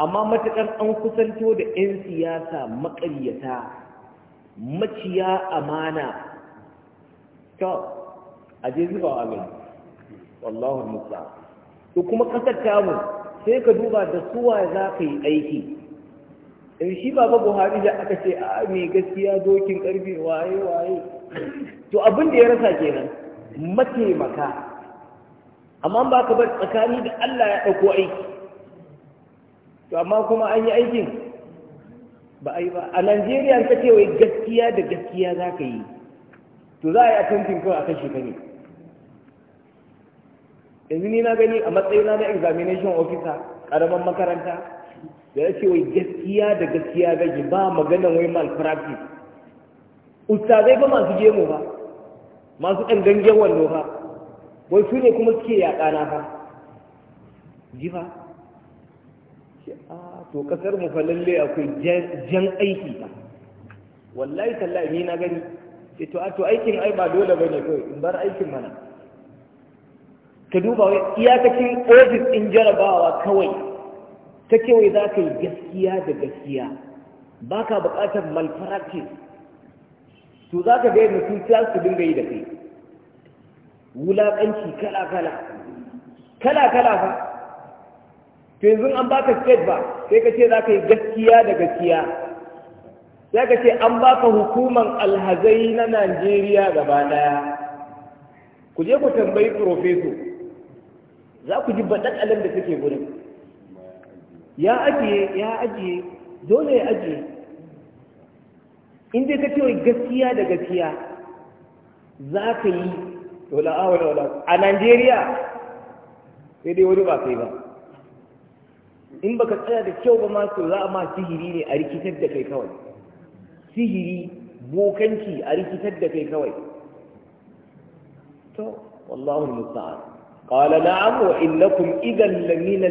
amma matuƙar an kusanto da 'yan siyasa maƙaryata maciya amana to a je zuba wa mai wallahu musa to kuma kasar tamu sai ka duba da suwa za ka yi aiki in shi baba buhari da aka ce a mai gaskiya dokin karfe waye waye to abin da ya rasa kenan mataimaka amma ba ka bar tsakani da Allah ya ɗauko aiki to amma kuma an yi aikin ba a yi ba a Najeriya ka ce wai gaskiya da gaskiya za ka yi to za a yi attempting kawai a kashe ka ne yanzu ni na gani a matsayina na examination officer karaman makaranta da ya ce wai gaskiya da gaskiya gaji ba magana wai malpractice ustazai ba masu gemu ba masu ɗan gangen wando ba wai su ne kuma suke na fa? ji ba ah, to kasar mu fa lalle akwai jan aiki ba wallahi tallahi ni na gani ce to to aikin ai ba dole bane kai, in bar aikin mana ka duba wai iyakacin ofis ɗin jarabawa kawai ta wai za ka yi gaskiya da gaskiya ba ka buƙatar malpractice to za ka ga yadda su su dinga yi da kai wulaƙanci kala-kala kala-kala fa to yanzu an baka state ba sai ka ce za ka yi gaskiya da gaskiya sai ka ce an baka hukuman alhazai na najeriya gaba daya ku je ku tambayi profeso za ku ji baɗaɗ alam da suke gurin ya ajiye ya ajiye dole ya ajiye in dai ka ce gaskiya da gaskiya za ka yi wala awala wala a najeriya sai dai wani ba kai ba in baka tsaya da kyau ba masu za a ma sihiri ne a rikitar da kai kawai sihiri bukanki a rikitar da kai kawai to wallahu musta'an qala na'am wa innakum idan lamina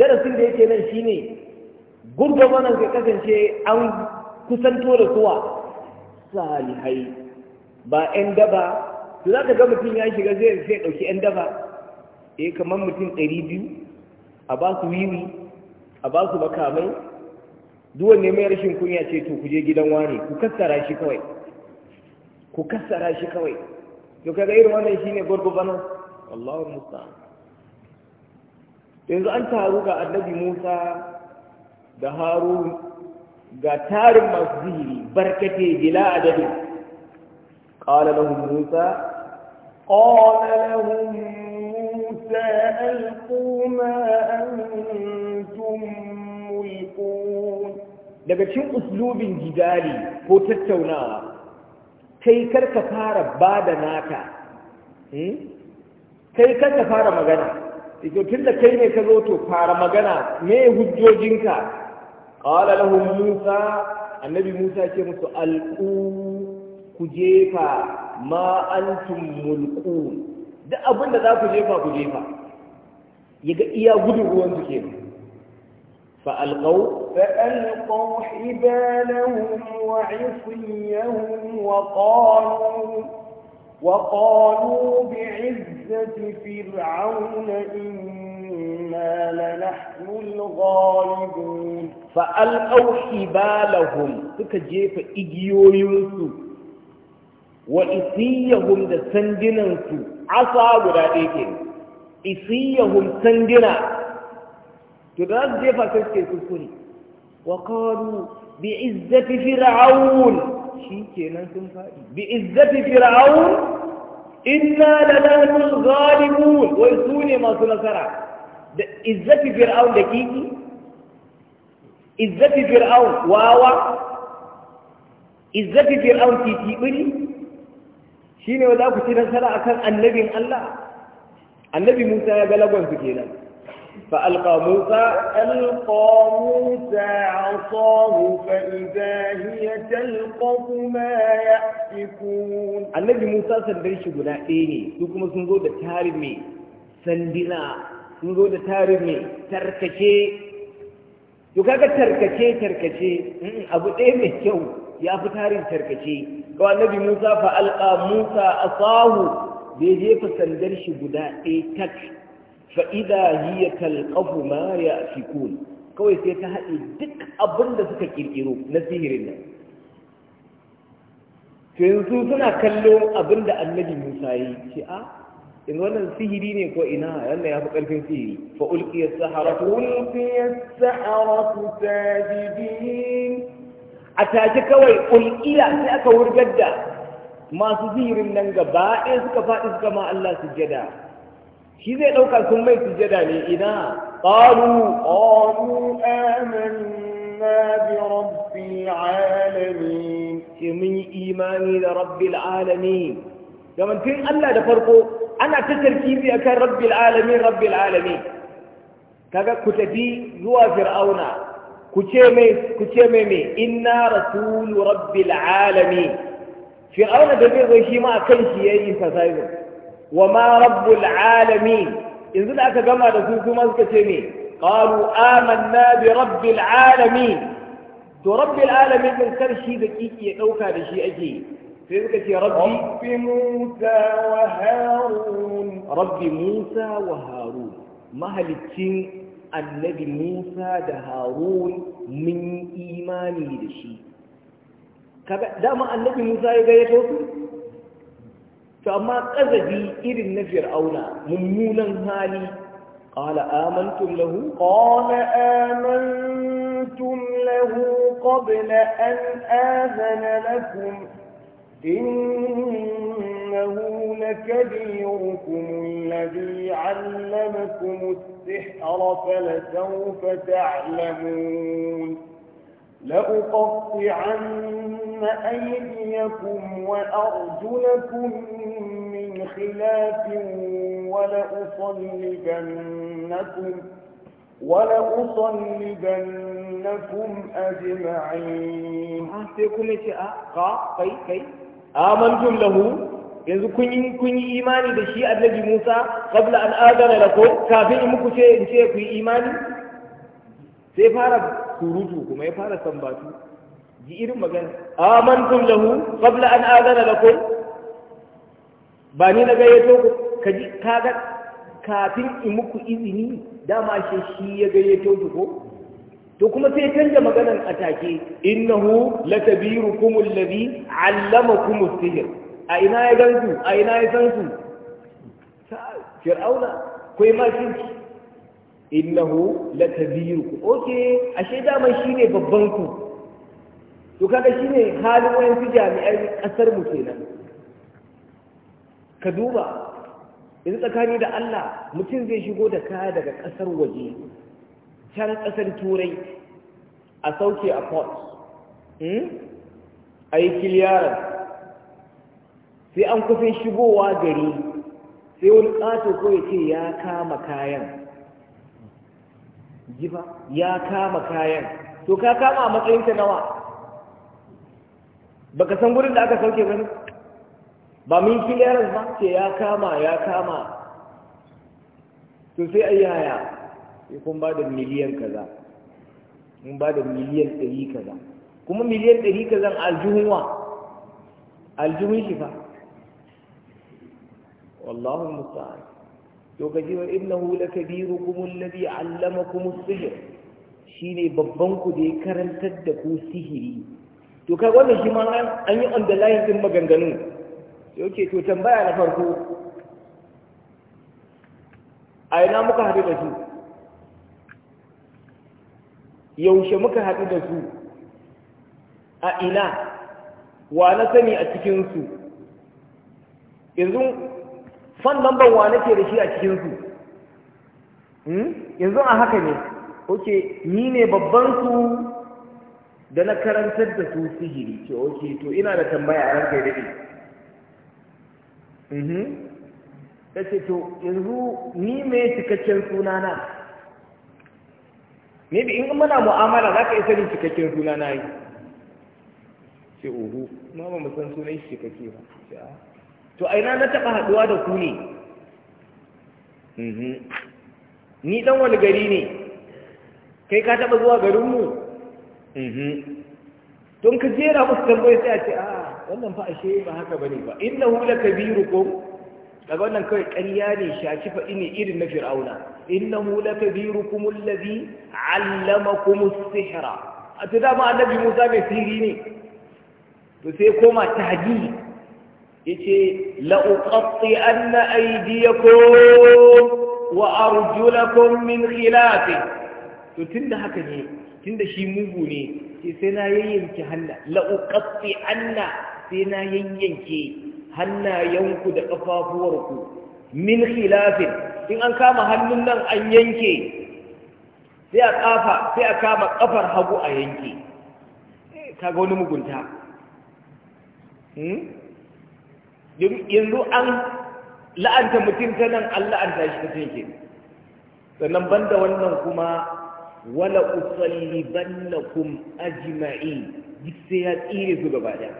darasin da yake nan shine gurba wannan ka kasance an kusanto da suwa salihai ba 'yan daba to zaka ga mutum ya shiga zai sai dauki 'yan daba eh kamar mutum 200 a ba su wiwi a ba su makamai duwan ne mai rashin kunya ce to kuje gidan wani ku kassara shi kawai ku kassara shi kawai to kaga irin wannan shine gurgubano Allahu musta yanzu an taru ga annabi Musa da Harun ga tarin masu zihiri barkate bila adadi qala lahum Musa qala lahum Musa alqu ma antum يلقون daga cikin uslubin jidali ko tattaunawa kai karka fara bada naka hmm? kai karka fara magana ito tun kai ne ka zo to fara magana me hujjojinka qala lahum musa annabi musa ce musu alqu ku jefa ma antum mulqun duk abinda za ku jefa ku jefa yaga iya gudun ruwan su kenan فألقوا فألقوا حبالهم وعصيهم وقالوا وقالوا بعزة فرعون إنا لنحن الغالبون فألقوا حبالهم فكجيف إجيوينسو وإسيهم دا سندننسو عصا ولا إيكين إسيهم سندنا to da za su jefa kai suke kuskure wa qalu bi izzati fir'aun shikenan sun fadi bi izzati fir'aun inna lanahnu zalimun wai su ne masu nasara da izzati fir'aun da kiki izzati fir'aun wawa izzati fir'aun titi biri shine wanda ku ci nasara akan annabin Allah annabi Musa ya ga su kenan فألقى موسى ألقى موسى عصاه فإذا هي تلقف ما يأفكون النبي موسى سندري شغلا إيني سوكما سنزو دا تاري مي سندنا سنزو دا تاري مي تركشي to kaga tarkace tarkace abu ɗaya mai kyau ya fi tarin tarkace ga annabi Musa fa alqa Musa asahu da ya jefa sandar shi guda ɗaya tak fa'iza hiya talqafu ma yafikun kawai sai ta haɗe duk abin da suka ƙirƙiro na sihirin nan to yanzu suna kallo abin da annabi Musa yi ce a ah, in wannan sihiri ne ko ina wannan ya fi ƙarfin sihiri fa ulqiya saharatu ulqiya saharatu sajidin a take kawai ulqiya sai aka wurgar da masu sihirin nan gaba ɗaya suka faɗi suka ma Allah su jada. shi zai ɗauka sun mai sujada ne ina ƙaru ƙaru amanna bi rabbil alamin ce mun yi imani da rabbi alamin gaban tun Allah da farko ana ta tarkibi akan rabbil alamin rabbil alamin kaga ku tafi zuwa fir'auna ku ce mai ku ce mai mai inna rasulu rabbil alamin fir'auna da zai zo shi ma kan shi yayi fasaido wa ma rabbul alamin yanzu da aka gama da su kuma suka ce me qalu amanna bi rabbil alamin to rabbil alamin din karshi da kiki ya dauka da shi ake sai suka ce rabbi musa wa harun rabbi musa wa harun mahalicin annabi musa da harun mun imani da shi kaga dama annabi musa ya gayyato su to amma kazabi irin na fir'auna mummunan hali qala amantum lahu qala amantum lahu qabla an azana lakum إنه لكبيركم الذي علمكم السحر فلسوف تعلمون لأقطعن أيديكم وأرجلكم من خلاف ولأصلبنكم ولأصلبنكم أجمعين تقول لك قا كي كي آمنتم له yanzu kun yi kun yi imani da shi annabi Musa qabla an adana lakum kafin muku ce in ce ku yi imani sai fara surutu kuma ya fara sambatu ji irin magana amantum lahu qabla an azana lakum ba ni na gayyato ku Ka kaji kaga kafin in muku izini dama shi shi ya gayyato ku ko to kuma sai canja maganan a take innahu lakabirukum alladhi allamakum as-sihr a ina ya gansu a ina ya san su fir'auna kai ma shi innahu lakabirukum oke ashe daman shine babban ku to kaga shine halin su jami'ai kasar mu kenan ka duba in tsakani da Allah mutum zai shigo da kaya daga kasar waje can kasar turai a sauke a port hmm? a yi kiliyarar sai an kusan shigowa gari sai wani kato ko ya ce ya kama kayan jifa ya kama kayan to ka kama a matsayinka nawa baka san gurin da aka sauke ba ba min clearance ba ce ya kama ya kama to sai a yaya kun ba da miliyan kaza mun ba da miliyan ɗari kaza kuma miliyan ɗari kaza aljihun wa aljihun shi fa wallahu musta'an To ji wa innahu lakabirukum alladhi allamakum as-sihr shine babban ku da ya karantar da ku sihiri to kai wannan shi ma an yi on the line din maganganu yake to tambaya na farko a ina muka haɗu da su yaushe muka haɗu da su a ina wa na sani a cikinsu yanzu fan lambar wa nake da shi a cikin hmm yanzu a haka ne oke ni ne babban su da na karantar da su sihiri ce oke to ina da tambaya a ranka daɗe mhm. ta ce to yanzu ni mai cikakken sunana ne bi in muna mu'amala za ka isa ni cikakken sunana yi ce uhu ma ba mu san sunan shi cikakke ba ah. to a ina na taɓa haɗuwa da ku ne mhm. ni ɗan wani gari ne kai ka taɓa zuwa garinmu don mhm. ka jera musu tambayi sai a ce a wannan fa ashe ba haka bane ba hula ka la ruko daga wannan kawai ƙarya ne shaci faɗi ne irin na fir'auna innahu la kabirukum allazi allamakum as-sihra a ta dama annabi Musa mai sihiri ne to sai koma tahdid yace la'uqatti anna aydiyakum wa arjulakum min khilaf to tunda haka ne tunda shi mugu ne sai na yayyanke hanna la'uqatti anna sai na yayyanke hannayenku da kafafuwarku min khilaf in an kama hannun nan an yanke sai a kafa sai a kama kafar hagu a yanke eh, kaga wani mugunta hmm? yanzu an la'anta mutum ta nan an la'anta shi mutum ke sannan banda wannan kuma wala usallibannakum ajma'i duk sai ya tsire su gaba daya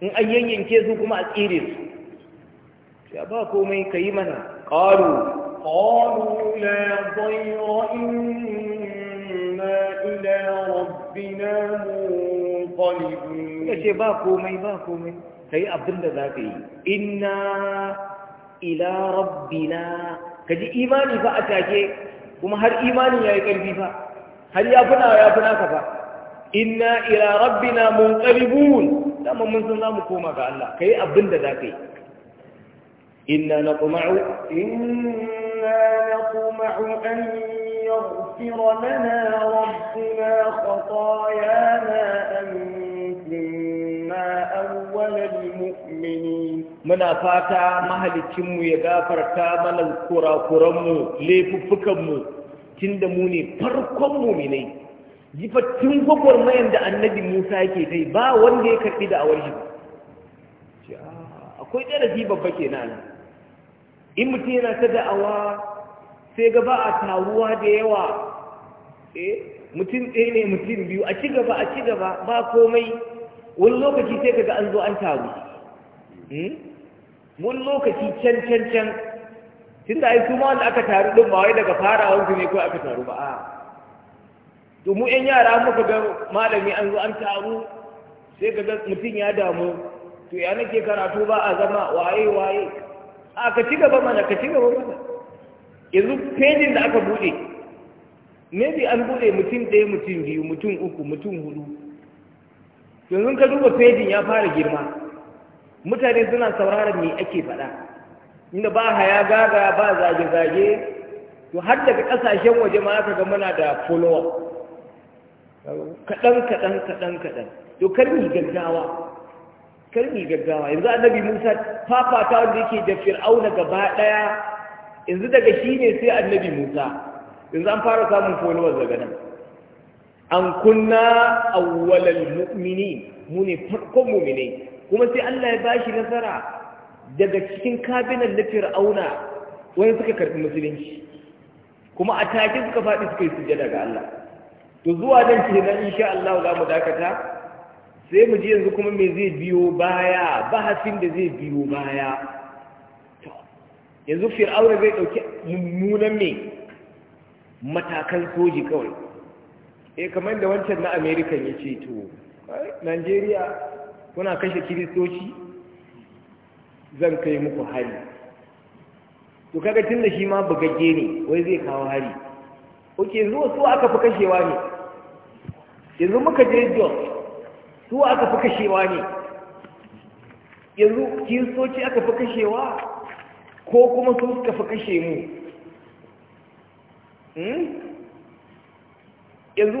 in an yanyanke su kuma a tsire su ya ba komai ka yi mana ƙaru Ƙaru قالوا inna ila rabbina إلى ربنا Ya ce ba komai, ba komai. ka yi abin da za ka yi inna ila rabbina ka ji imani fa a take kuma har imanin ya yi ƙarfi fa har ya fi ya fi naka fa inna ila rabbina munqalibun dama mun san za mu koma ga Allah ka yi abin da za ka yi إنا نطمع إنا نطمع أن يغفر لنا ربنا خطايانا أن كنت Muna muna fata mahalicin mu ya gafarta mana kurakuran mu لففكن mu tunda mu ne farkon muminai jifattun da annabi musa yake dai ba wanda ya karɓi da awar shi akwai ɗarafi babba ke nan in mutum yana ta da'awa sai ga ba a taruwa da yawa eh mutum ɗaya ne mutum biyu a ci gaba a ci gaba ba komai wani lokaci sai kaga an zo an taru hmm? wani lokaci can can can tun da ai su ma wanda aka taru ɗin ba wai daga farawan su ne kawai aka taru ba a Domin 'yan yara muka ga malami an zo an taru sai kaga mutum ya damu to ya nake karatu ba a zama waye waye a ka ci gaba mana ka ci gaba mana yanzu fejin da aka buɗe bi an buɗe mutum ɗaya mutum biyu mutum uku mutum hudu yanzu ka duba fejin ya fara girma mutane suna sauraron me ake faɗa inda ba haya gaga ba zage-zage to har daga ƙasashen waje ma aka ga muna da folowa. kaɗan kaɗan kaɗan kaɗan to karni gaggawa karni gaggawa yanzu annabi musa fafata wanda yake da fir'auna gaba ɗaya yanzu daga shi ne sai annabi musa yanzu an fara samun folowar daga nan an kunna awwalal mu'mini mu ne farkon mu'minai kuma sai Allah ya bashi nasara daga cikin kabinan na fir'auna wani suka karbi musulunci kuma a take suka fadi suka yi sujjada ga Allah to zuwa dan kenan insha Allah za mu dakata sai mu ji yanzu kuma me zai biyo baya bahasin da zai biyo baya to yanzu fir'auna zai dauki mummunan me matakan soji kawai eh kamar da wancan na amerika ya ce to nigeria kuna kashe kiristoci zan kai muku hari to kaga tun da shi ma bugagge ne wai zai kawo hari Ok, zuwa su aka fi kashewa ne yanzu muka je jos su aka fi kashewa ne yanzu kiristoci aka fi kashewa ko kuma su suka fi kashe mu hmm? yanzu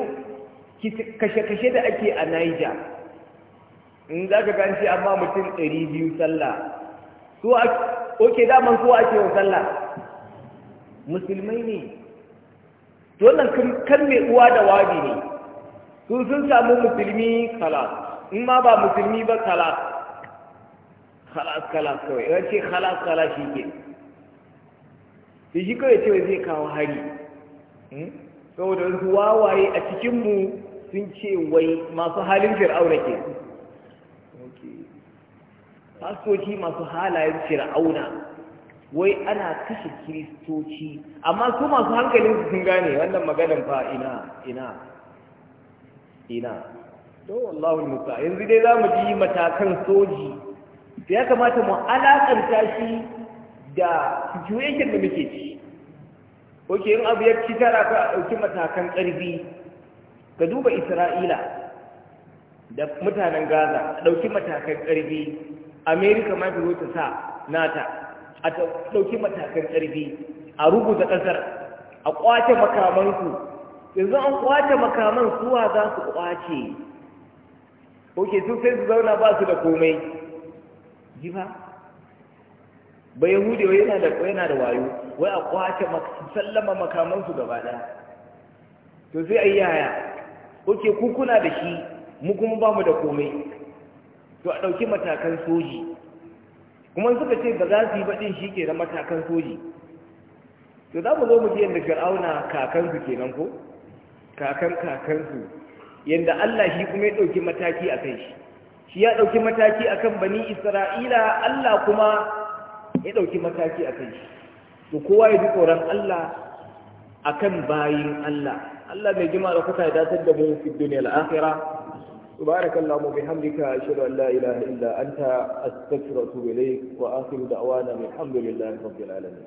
kashe-kashe da ake a niger in za ka ganci amma mutum 200 sallah su a oke daman su ake wa sallah musulmai ne to wannan kan mai uwa da wabi ne su sun samu musulmi kala in ma ba musulmi ba kala kalas kalas kawai ya ce kalas kalas shi ke shi kawai ce zai kawo hari hmm? saboda wasu wawaye a cikinmu sun ce wai masu halin fir'auna ke fasoci masu halayen fir'auna wai ana kashe kiristoci amma su masu hankalin sun gane wannan maganan fa ina ina ina to wallahu musa yanzu dai za mu ji matakan soji ya kamata mu alakanta shi da situation da muke ci oke yin abu ya ci tara ka a ɗauki matakan ƙarfi ka duba isra'ila da mutanen gaza a ɗauki matakan ƙarfi amerika ma zo ta sa nata a ɗauki matakan ƙarfi a rubuta ƙasar a ƙwace makamansu yanzu an ƙwace makaman suwa za su ƙwace oke sun sai su zauna ba su da komai ji ba ba yana da wayo wai a kwace sallama makamansu gaba ɗaya to sai a yi yaya oke kuna da shi mu kuma ba mu da komai to a ɗauki matakan soji kuma suka ce ba za su yi baɗin shi ke na matakan soji to za mu zo mu yadda fir'auna kakansu kenan ko kakan kakansu yadda allah shi kuma ya ɗauki mataki a kai shi shi ya ɗauki mataki a kan bani isra'ila allah kuma ya ɗauki mataki a kai shi to kowa ya ji tsoron Allah a kan bayin Allah Allah mai jima da kuka datar da mu fi duniya al'akhira subhanakallahu wa bihamdika ashhadu an la ilaha illa anta astaghfiruka wa atubu ilayk wa akhiru da'wana alhamdulillahi rabbil alamin